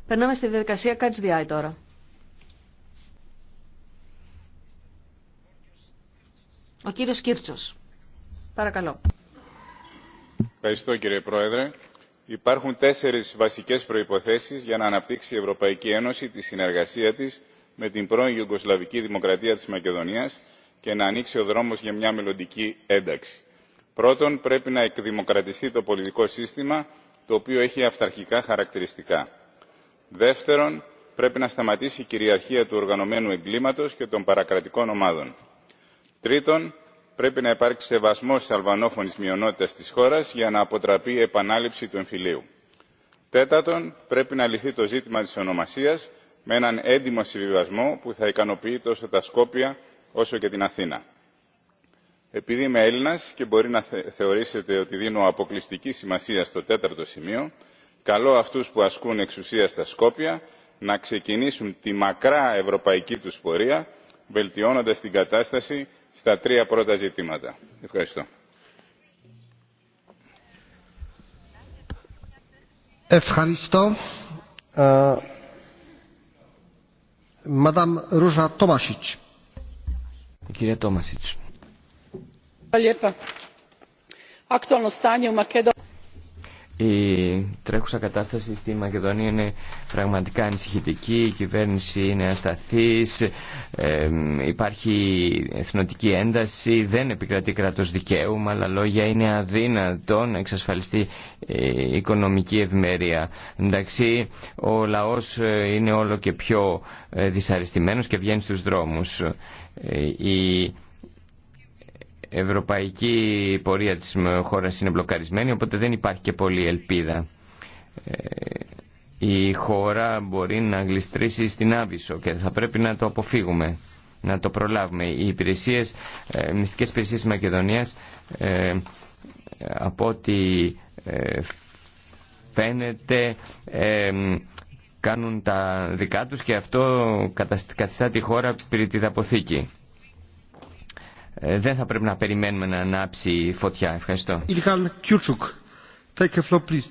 [SPEAKER 7] Περνάμε στη διαδικασία Catch the τώρα. Ο κύριος Κύρτσος. Παρακαλώ
[SPEAKER 14] κύριε Πρόεδρε. Υπάρχουν τέσσερι βασικέ προποθέσει για να αναπτύξει η Ευρωπαϊκή Ένωση τη συνεργασία τη με την πρώην Ιουγκοσλαβική Δημοκρατία της Μακεδονία και να ανοίξει ο δρόμο για μια μελλοντική ένταξη. Πρώτον, πρέπει να εκδημοκρατιστεί το πολιτικό σύστημα, το οποίο έχει αυταρχικά χαρακτηριστικά. Δεύτερον, πρέπει να σταματήσει η κυριαρχία του οργανωμένου εγκλήματο και των παρακρατικών ομάδων. Τρίτον, πρέπει να υπάρξει σεβασμό τη αλβανόφωνης μειονότητα τη χώρα για να αποτραπεί η επανάληψη του εμφυλίου. τέταρτον πρέπει να λυθεί το ζήτημα τη ονομασία με έναν έντιμο συμβιβασμό που θα ικανοποιεί τόσο τα σκόπια όσο και την αθήνα. επειδή είμαι Έλληνα και μπορεί να θεωρήσετε ότι δίνω αποκλειστική σημασία στο τέταρτο σημείο καλώ αυτού που ασκούν εξουσία στα σκόπια να ξεκινήσουν τη μακρά ευρωπαϊκή του πορεία βελτιώνοντα την κατάσταση στα τρία πρώτα ζητήματα. Ευχαριστώ.
[SPEAKER 2] Ευχαριστώ. Μαδάμ Ρούζα Τόμασιτς.
[SPEAKER 10] Κυρία Τόμασιτς.
[SPEAKER 13] Καλή stanje u
[SPEAKER 10] η τρέχουσα κατάσταση στη Μακεδονία είναι πραγματικά ανησυχητική, η κυβέρνηση είναι ασταθής, υπάρχει εθνοτική ένταση, δεν επικρατεί κράτος δικαίου, με άλλα λόγια είναι αδύνατο να εξασφαλιστεί ε, η οικονομική ευημερία, Εντάξει, ο λαός ε, είναι όλο και πιο ε, δυσαρεστημένος και βγαίνει στους δρόμους ευρωπαϊκή πορεία της χώρας είναι μπλοκαρισμένη, οπότε δεν υπάρχει και πολλή ελπίδα. Ε, η χώρα μπορεί να γλιστρήσει στην Άβυσσο και θα πρέπει να το αποφύγουμε, να το προλάβουμε. Οι υπηρεσίες, ε, μυστικές υπηρεσίες της Μακεδονίας, ε, από ό,τι φαίνεται, κάνουν τα δικά τους και αυτό καθιστά τη χώρα πριν τη ε, δεν θα πρέπει να περιμένουμε να ανάψει φωτιά. Ευχαριστώ.
[SPEAKER 2] Take a floor, please.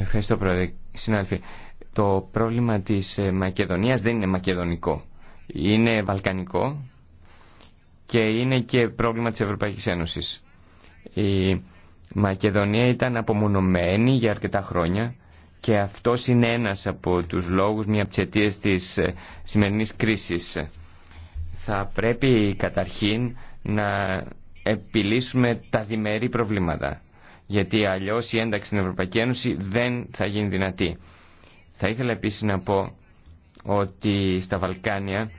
[SPEAKER 10] Ευχαριστώ, Πρόεδρε. Συνάδελφοι, το πρόβλημα της ε, Μακεδονίας δεν είναι μακεδονικό. Είναι βαλκανικό και είναι και πρόβλημα της Ευρωπαϊκής Ένωσης. Μακεδονία ήταν απομονωμένη για αρκετά χρόνια και αυτό είναι ένας από τους λόγους, μια από τις της ε, σημερινής κρίσης. Θα πρέπει καταρχήν να επιλύσουμε τα διμερεί προβλήματα, γιατί αλλιώς η ένταξη στην Ευρωπαϊκή Ένωση δεν θα γίνει δυνατή. Θα ήθελα επίσης να πω ότι στα Βαλκάνια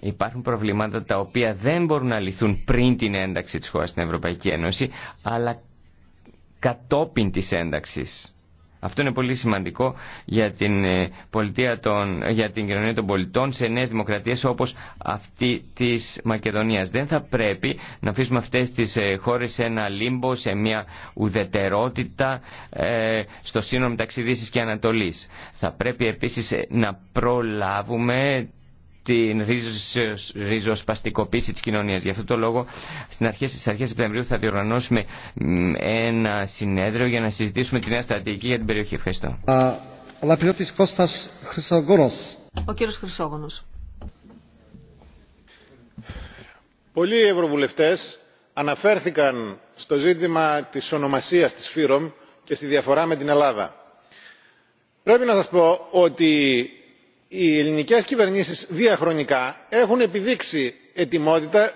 [SPEAKER 10] Υπάρχουν προβλήματα τα οποία δεν μπορούν να λυθούν πριν την ένταξη της χώρας στην Ευρωπαϊκή Ένωση, αλλά κατόπιν της ένταξης. Αυτό είναι πολύ σημαντικό για την, ε, πολιτεία των, για την κοινωνία των πολιτών σε νέες δημοκρατίες όπως αυτή της Μακεδονίας. Δεν θα πρέπει να αφήσουμε αυτές τις ε, χώρες σε ένα λίμπο, σε μια ουδετερότητα ε, στο σύνολο μεταξύ Δύσης και Ανατολής. Θα πρέπει επίσης να προλάβουμε την ριζοσπαστικοποίηση της κοινωνίας. Γι' αυτό το λόγο στην αρχές, στις αρχές Σεπτεμβρίου θα διοργανώσουμε ένα συνέδριο για να συζητήσουμε τη νέα στρατηγική για την περιοχή. Ευχαριστώ.
[SPEAKER 7] Ο κύριος Χρυσόγονος.
[SPEAKER 15] Πολλοί ευρωβουλευτές αναφέρθηκαν στο ζήτημα της ονομασίας της ΦΥΡΟΜ και στη διαφορά με την Ελλάδα. Πρέπει να σας πω ότι οι ελληνικές κυβερνήσεις διαχρονικά έχουν επιδείξει ετοιμότητα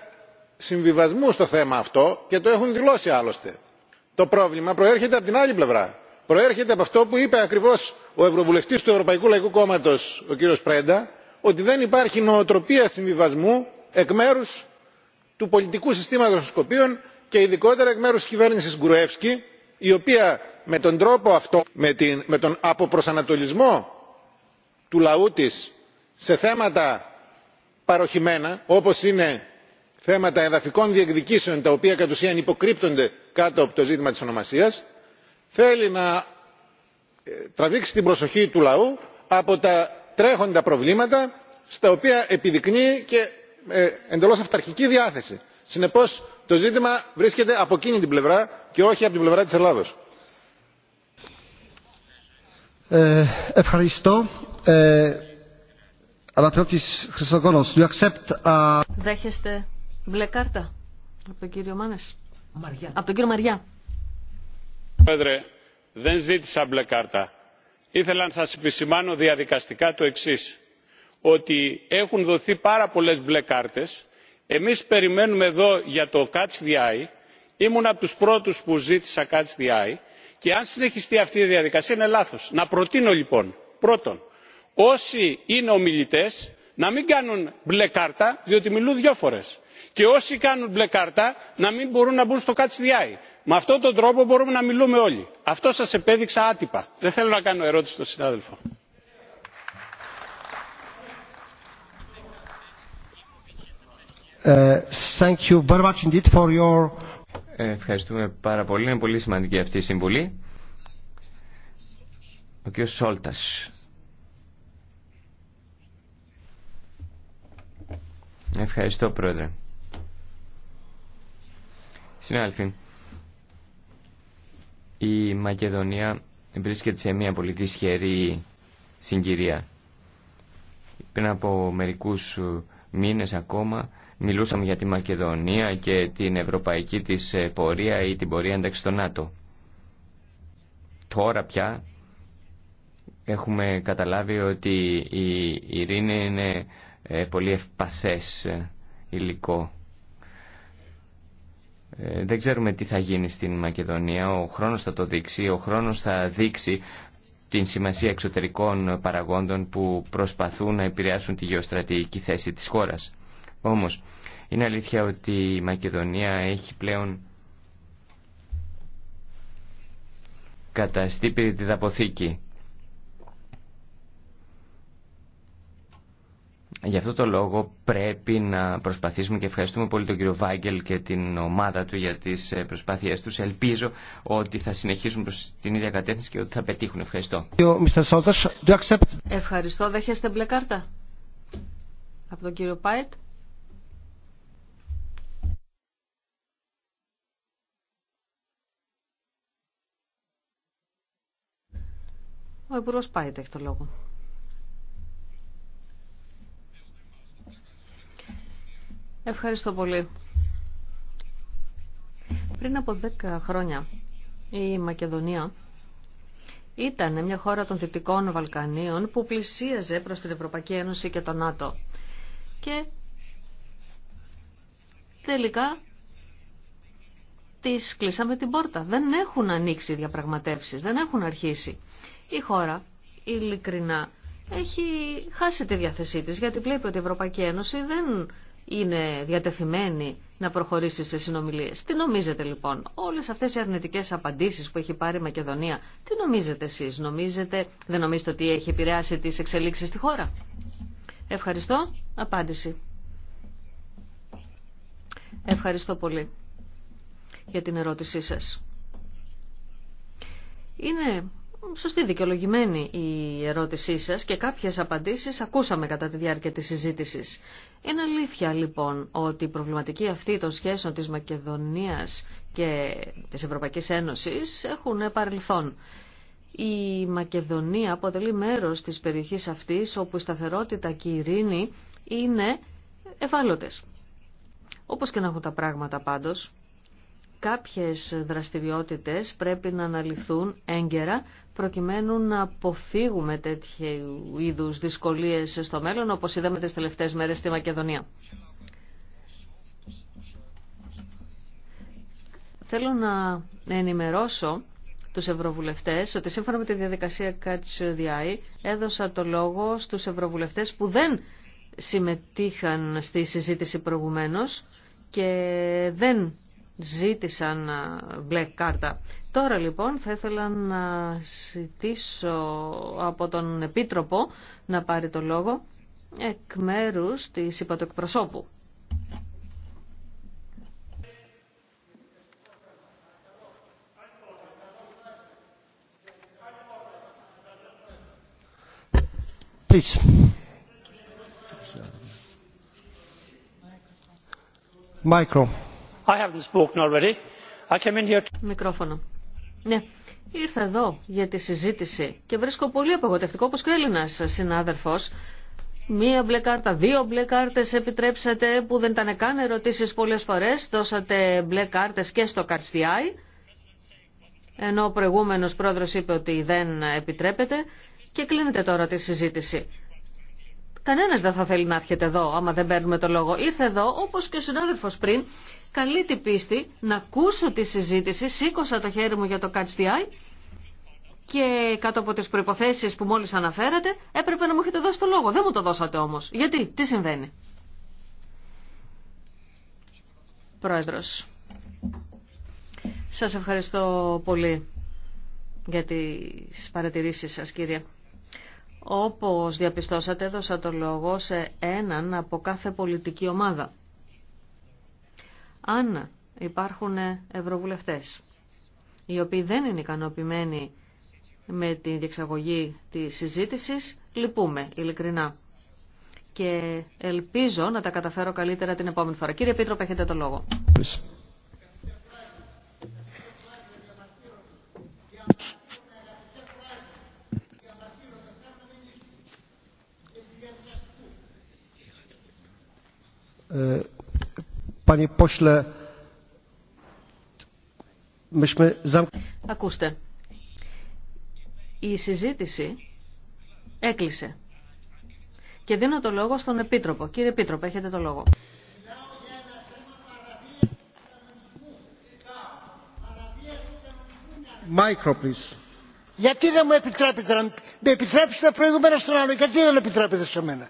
[SPEAKER 15] συμβιβασμού στο θέμα αυτό και το έχουν δηλώσει άλλωστε. το πρόβλημα προέρχεται από την άλλη πλευρά προέρχεται από αυτό που είπε ακριβώς ο ευρωβουλευτής του ευρωπαϊκού λαϊκού κόμματος ο κύριος πρέντα ότι δεν υπάρχει νοοτροπία συμβιβασμού εκ μέρους του πολιτικού συστήματος των σκοπίων και ειδικότερα εκ μέρους της κυβέρνησης γκουρεύσκη η οποία με τον τρόπο αυτό με τον αποπροσανατολισμό του λαού της σε θέματα παροχημένα όπως είναι θέματα εδαφικών διεκδικήσεων τα οποία κατ' ουσίαν υποκρύπτονται κάτω από το ζήτημα της ονομασίας θέλει να ε, τραβήξει την προσοχή του λαού από τα τρέχοντα προβλήματα στα οποία επιδεικνύει και ε, εντελώς αυταρχική διάθεση. συνεπώς το ζήτημα βρίσκεται από εκείνη την πλευρά και όχι από την πλευρά της ελλάδος.
[SPEAKER 2] Ε, ευχαριστώ. Ε,
[SPEAKER 7] Δέχεστε μπλε κάρτα από τον κύριο Μάνες. Από τον κύριο Μαριά.
[SPEAKER 4] Πρόεδρε, δεν ζήτησα μπλε κάρτα. Ήθελα να σας επισημάνω διαδικαστικά το εξής. Ότι έχουν δοθεί πάρα πολλές μπλε κάρτες. Εμείς περιμένουμε εδώ για το Catch the Eye. Ήμουν από τους πρώτους που ζήτησα Catch the Eye. Και αν συνεχιστεί αυτή η διαδικασία είναι λάθος. Να προτείνω λοιπόν. Πρώτον, όσοι είναι ομιλητές να μην κάνουν μπλε κάρτα διότι μιλούν δυο φορές και όσοι κάνουν μπλε κάρτα να μην μπορούν να μπουν στο catch the eye. Με αυτόν τον τρόπο μπορούμε να μιλούμε όλοι. Αυτό σας επέδειξα άτυπα. Δεν θέλω να κάνω ερώτηση στον συνάδελφο.
[SPEAKER 2] Ε,
[SPEAKER 10] ε, ευχαριστούμε πάρα πολύ. Είναι πολύ σημαντική αυτή η συμβουλή. Ο κ. Σόλτας. Ευχαριστώ πρόεδρε. Συνάδελφοι, η Μακεδονία βρίσκεται σε μια πολύ δυσχερή συγκυρία. Πριν από μερικούς μήνες ακόμα μιλούσαμε για τη Μακεδονία και την ευρωπαϊκή της ε, πορεία ή την πορεία εντάξει στο ΝΑΤΟ. Τώρα πια έχουμε καταλάβει ότι η ειρήνη είναι ε, πολύ ευπαθές ε, υλικό. Ε, δεν ξέρουμε τι θα γίνει στην Μακεδονία. Ο χρόνος θα το δείξει. Ο χρόνος θα δείξει την σημασία εξωτερικών παραγόντων που προσπαθούν να επηρεάσουν τη γεωστρατηγική θέση της χώρας. Όμως, είναι αλήθεια ότι η Μακεδονία έχει πλέον καταστεί δαποθήκη. Γι' αυτό το λόγο πρέπει να προσπαθήσουμε και ευχαριστούμε πολύ τον κύριο Βάγκελ και την ομάδα του για τις ε, προσπάθειές τους. Ελπίζω ότι θα συνεχίσουν προς την ίδια κατεύθυνση και ότι θα πετύχουν. Ευχαριστώ.
[SPEAKER 7] Ευχαριστώ. Δέχεστε μπλε κάρτα από τον κύριο Πάιτ. Ο Υπουργός Πάιτ έχει το λόγο. Ευχαριστώ πολύ. Πριν από δέκα χρόνια η Μακεδονία ήταν μια χώρα των Δυτικών Βαλκανίων που πλησίαζε προς την Ευρωπαϊκή Ένωση και το ΝΑΤΟ. Και τελικά τις κλείσαμε την πόρτα. Δεν έχουν ανοίξει οι διαπραγματεύσεις, δεν έχουν αρχίσει. Η χώρα, ειλικρινά, έχει χάσει τη διάθεσή της γιατί βλέπει ότι η Ευρωπαϊκή Ένωση δεν είναι διατεθειμένη να προχωρήσει σε συνομιλίε. Τι νομίζετε λοιπόν, όλες αυτές οι αρνητικές απαντήσεις που έχει πάρει η Μακεδονία, τι νομίζετε εσεί, νομίζετε, δεν νομίζετε ότι έχει επηρεάσει τις εξελίξεις στη χώρα. Ευχαριστώ. Απάντηση. Ευχαριστώ πολύ για την ερώτησή σας. Είναι σωστή δικαιολογημένη η ερώτησή σας και κάποιες απαντήσεις ακούσαμε κατά τη διάρκεια της συζήτησης. Είναι αλήθεια λοιπόν ότι η προβληματική αυτή των σχέσεων της Μακεδονίας και της Ευρωπαϊκής Ένωσης έχουν παρελθόν. Η Μακεδονία αποτελεί μέρος της περιοχής αυτής όπου η σταθερότητα και η ειρήνη είναι ευάλωτε. Όπως και να έχουν τα πράγματα πάντως, κάποιες δραστηριότητες πρέπει να αναλυθούν έγκαιρα προκειμένου να αποφύγουμε τέτοιου είδους δυσκολίες στο μέλλον όπως είδαμε τις τελευταίες μέρες στη Μακεδονία. Θέλω να ενημερώσω τους ευρωβουλευτές ότι σύμφωνα με τη διαδικασία Catch the Eye έδωσα το λόγο στους ευρωβουλευτές που δεν συμμετείχαν στη συζήτηση προηγουμένως και δεν ζήτησαν μπλε κάρτα. Τώρα λοιπόν θα ήθελα να ζητήσω από τον Επίτροπο να πάρει το λόγο εκ μέρους της υπατοεκπροσώπου. Please. Micro. Ήρθα εδώ για τη συζήτηση και βρίσκω πολύ απογοητευτικό όπως και ο Έλληνας συνάδελφος Μία μπλε κάρτα, δύο μπλε κάρτε επιτρέψατε που δεν ήταν καν ερωτήσει πολλέ φορέ. Δώσατε μπλε κάρτε και στο Κατστιάι. Ενώ ο προηγούμενο πρόεδρο είπε ότι δεν επιτρέπεται. Και κλείνετε τώρα τη συζήτηση. Κανένα δεν θα θέλει να έρχεται εδώ, άμα δεν παίρνουμε το λόγο. Ήρθε εδώ, όπω και ο συνάδελφο πριν, καλή την πίστη να ακούσω τη συζήτηση, σήκωσα το χέρι μου για το Catch και κάτω από τις προϋποθέσεις που μόλις αναφέρατε έπρεπε να μου έχετε δώσει το λόγο. Δεν μου το δώσατε όμως. Γιατί, τι συμβαίνει. Πρόεδρος, σας ευχαριστώ πολύ για τις παρατηρήσεις σας κύριε. Όπως διαπιστώσατε έδωσα το λόγο σε έναν από κάθε πολιτική ομάδα. Αν υπάρχουν ευρωβουλευτές οι οποίοι δεν είναι ικανοποιημένοι με τη διεξαγωγή της συζήτησης, λυπούμε ειλικρινά. Και ελπίζω να τα καταφέρω καλύτερα την επόμενη φορά. Κύριε επίτροπε έχετε το λόγο. Ε, Ακούστε. Η συζήτηση έκλεισε. Και δίνω το λόγο στον Επίτροπο. Κύριε Επίτροπο, έχετε το λόγο.
[SPEAKER 6] Γιατί δεν μου επιτρέπετε να... Με επιτρέψετε προηγούμενα στον άλλο. Γιατί δεν επιτρέπετε σε μένα.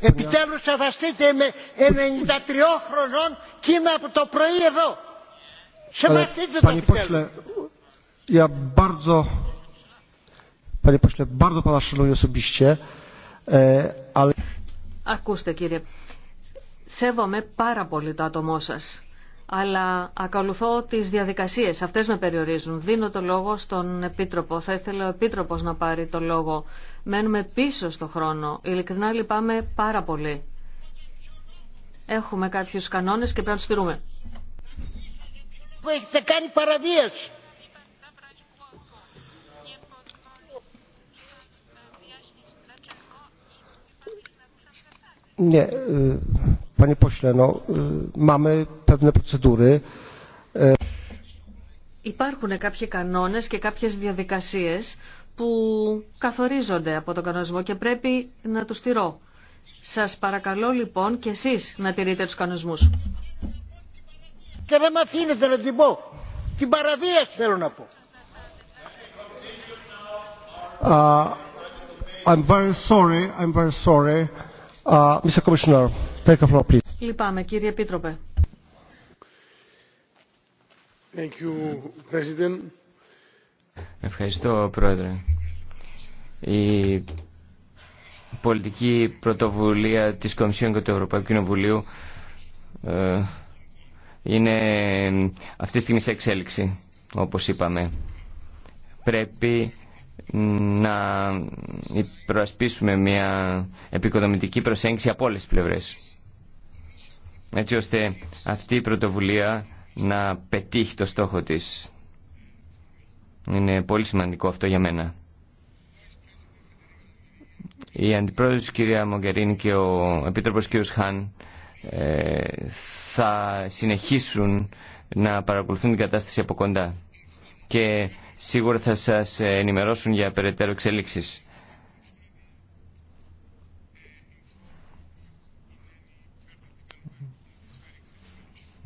[SPEAKER 6] Επιτέλους σεβαστείτε με 93 ε, χρονών και είμαι από το πρωί εδώ. Σεβαστείτε το επιτέλους.
[SPEAKER 2] Ja bardzo, panie pośle, bardzo pana szanuję osobiście, e, ale...
[SPEAKER 7] Ακούστε κύριε, σέβομαι πάρα πολύ το άτομό σας αλλά ακολουθώ τις διαδικασίες. Αυτές με περιορίζουν. Δίνω το λόγο στον Επίτροπο. Θα ήθελα ο Επίτροπος να πάρει το λόγο. Μένουμε πίσω στο χρόνο. Ειλικρινά λυπάμαι πάρα πολύ. Έχουμε κάποιους κανόνες και πρέπει να τους τηρούμε. κάνει παραβίαση.
[SPEAKER 2] Nie, ναι, panie ε, ε,
[SPEAKER 7] Υπάρχουν κάποιοι κανόνες και κάποιες διαδικασίες που καθορίζονται από τον κανονισμό και πρέπει να τους τηρώ. Σας παρακαλώ λοιπόν και εσείς να τηρείτε τους κανονισμούς.
[SPEAKER 6] Και δεν με αφήνετε να την Την παραβίαση θέλω να πω.
[SPEAKER 7] Λυπάμαι κύριε Επίτροπε.
[SPEAKER 10] Ευχαριστώ, Πρόεδρε. Η πολιτική πρωτοβουλία της Κομισιόν και του Ευρωπαϊκού Κοινοβουλίου ε, είναι αυτή τη στιγμή σε εξέλιξη, όπως είπαμε. Πρέπει να προασπίσουμε μια επικοδομητική προσέγγιση από όλες τις πλευρές. Έτσι ώστε αυτή η πρωτοβουλία να πετύχει το στόχο της. Είναι πολύ σημαντικό αυτό για μένα. Η Αντιπρόεδρος κυρία Μογκερίνη και ο Επίτροπος κ. Χάν ε, θα συνεχίσουν να παρακολουθούν την κατάσταση από κοντά και σίγουρα θα σας ενημερώσουν για περαιτέρω εξέλιξεις.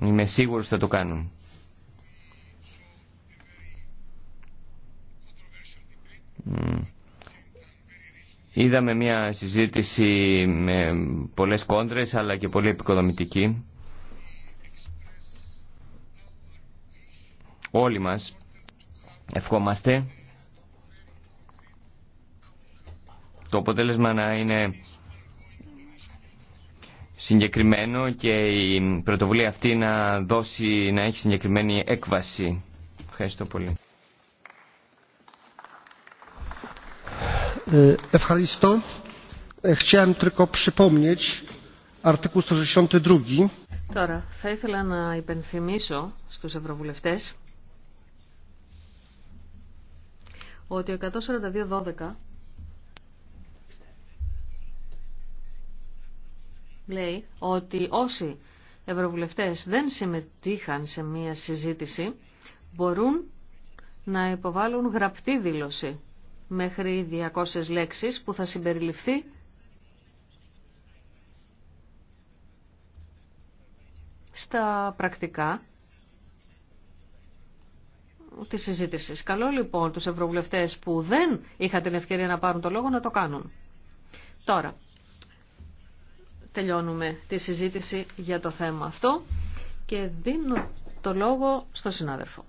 [SPEAKER 10] Είμαι σίγουρος θα το κάνουν. Είδαμε μια συζήτηση με πολλές κόντρες αλλά και πολύ επικοδομητική. Όλοι μας ευχόμαστε το αποτέλεσμα να είναι συγκεκριμένο και η πρωτοβουλία αυτή να δώσει, να έχει συγκεκριμένη έκβαση. Ευχαριστώ πολύ.
[SPEAKER 2] Ε, ευχαριστώ. Ε, chciałem tylko
[SPEAKER 7] Τώρα, θα ήθελα να υπενθυμίσω στους ευρωβουλευτές ότι ο 142.12 λέει ότι όσοι ευρωβουλευτές δεν συμμετείχαν σε μία συζήτηση μπορούν να υποβάλουν γραπτή δήλωση μέχρι 200 λέξεις που θα συμπεριληφθεί στα πρακτικά της συζήτησης. Καλό λοιπόν τους ευρωβουλευτές που δεν είχαν την ευκαιρία να πάρουν το λόγο να το κάνουν. Τώρα, τελειώνουμε τη συζήτηση για το θέμα αυτό και δίνω το λόγο στο συνάδελφο.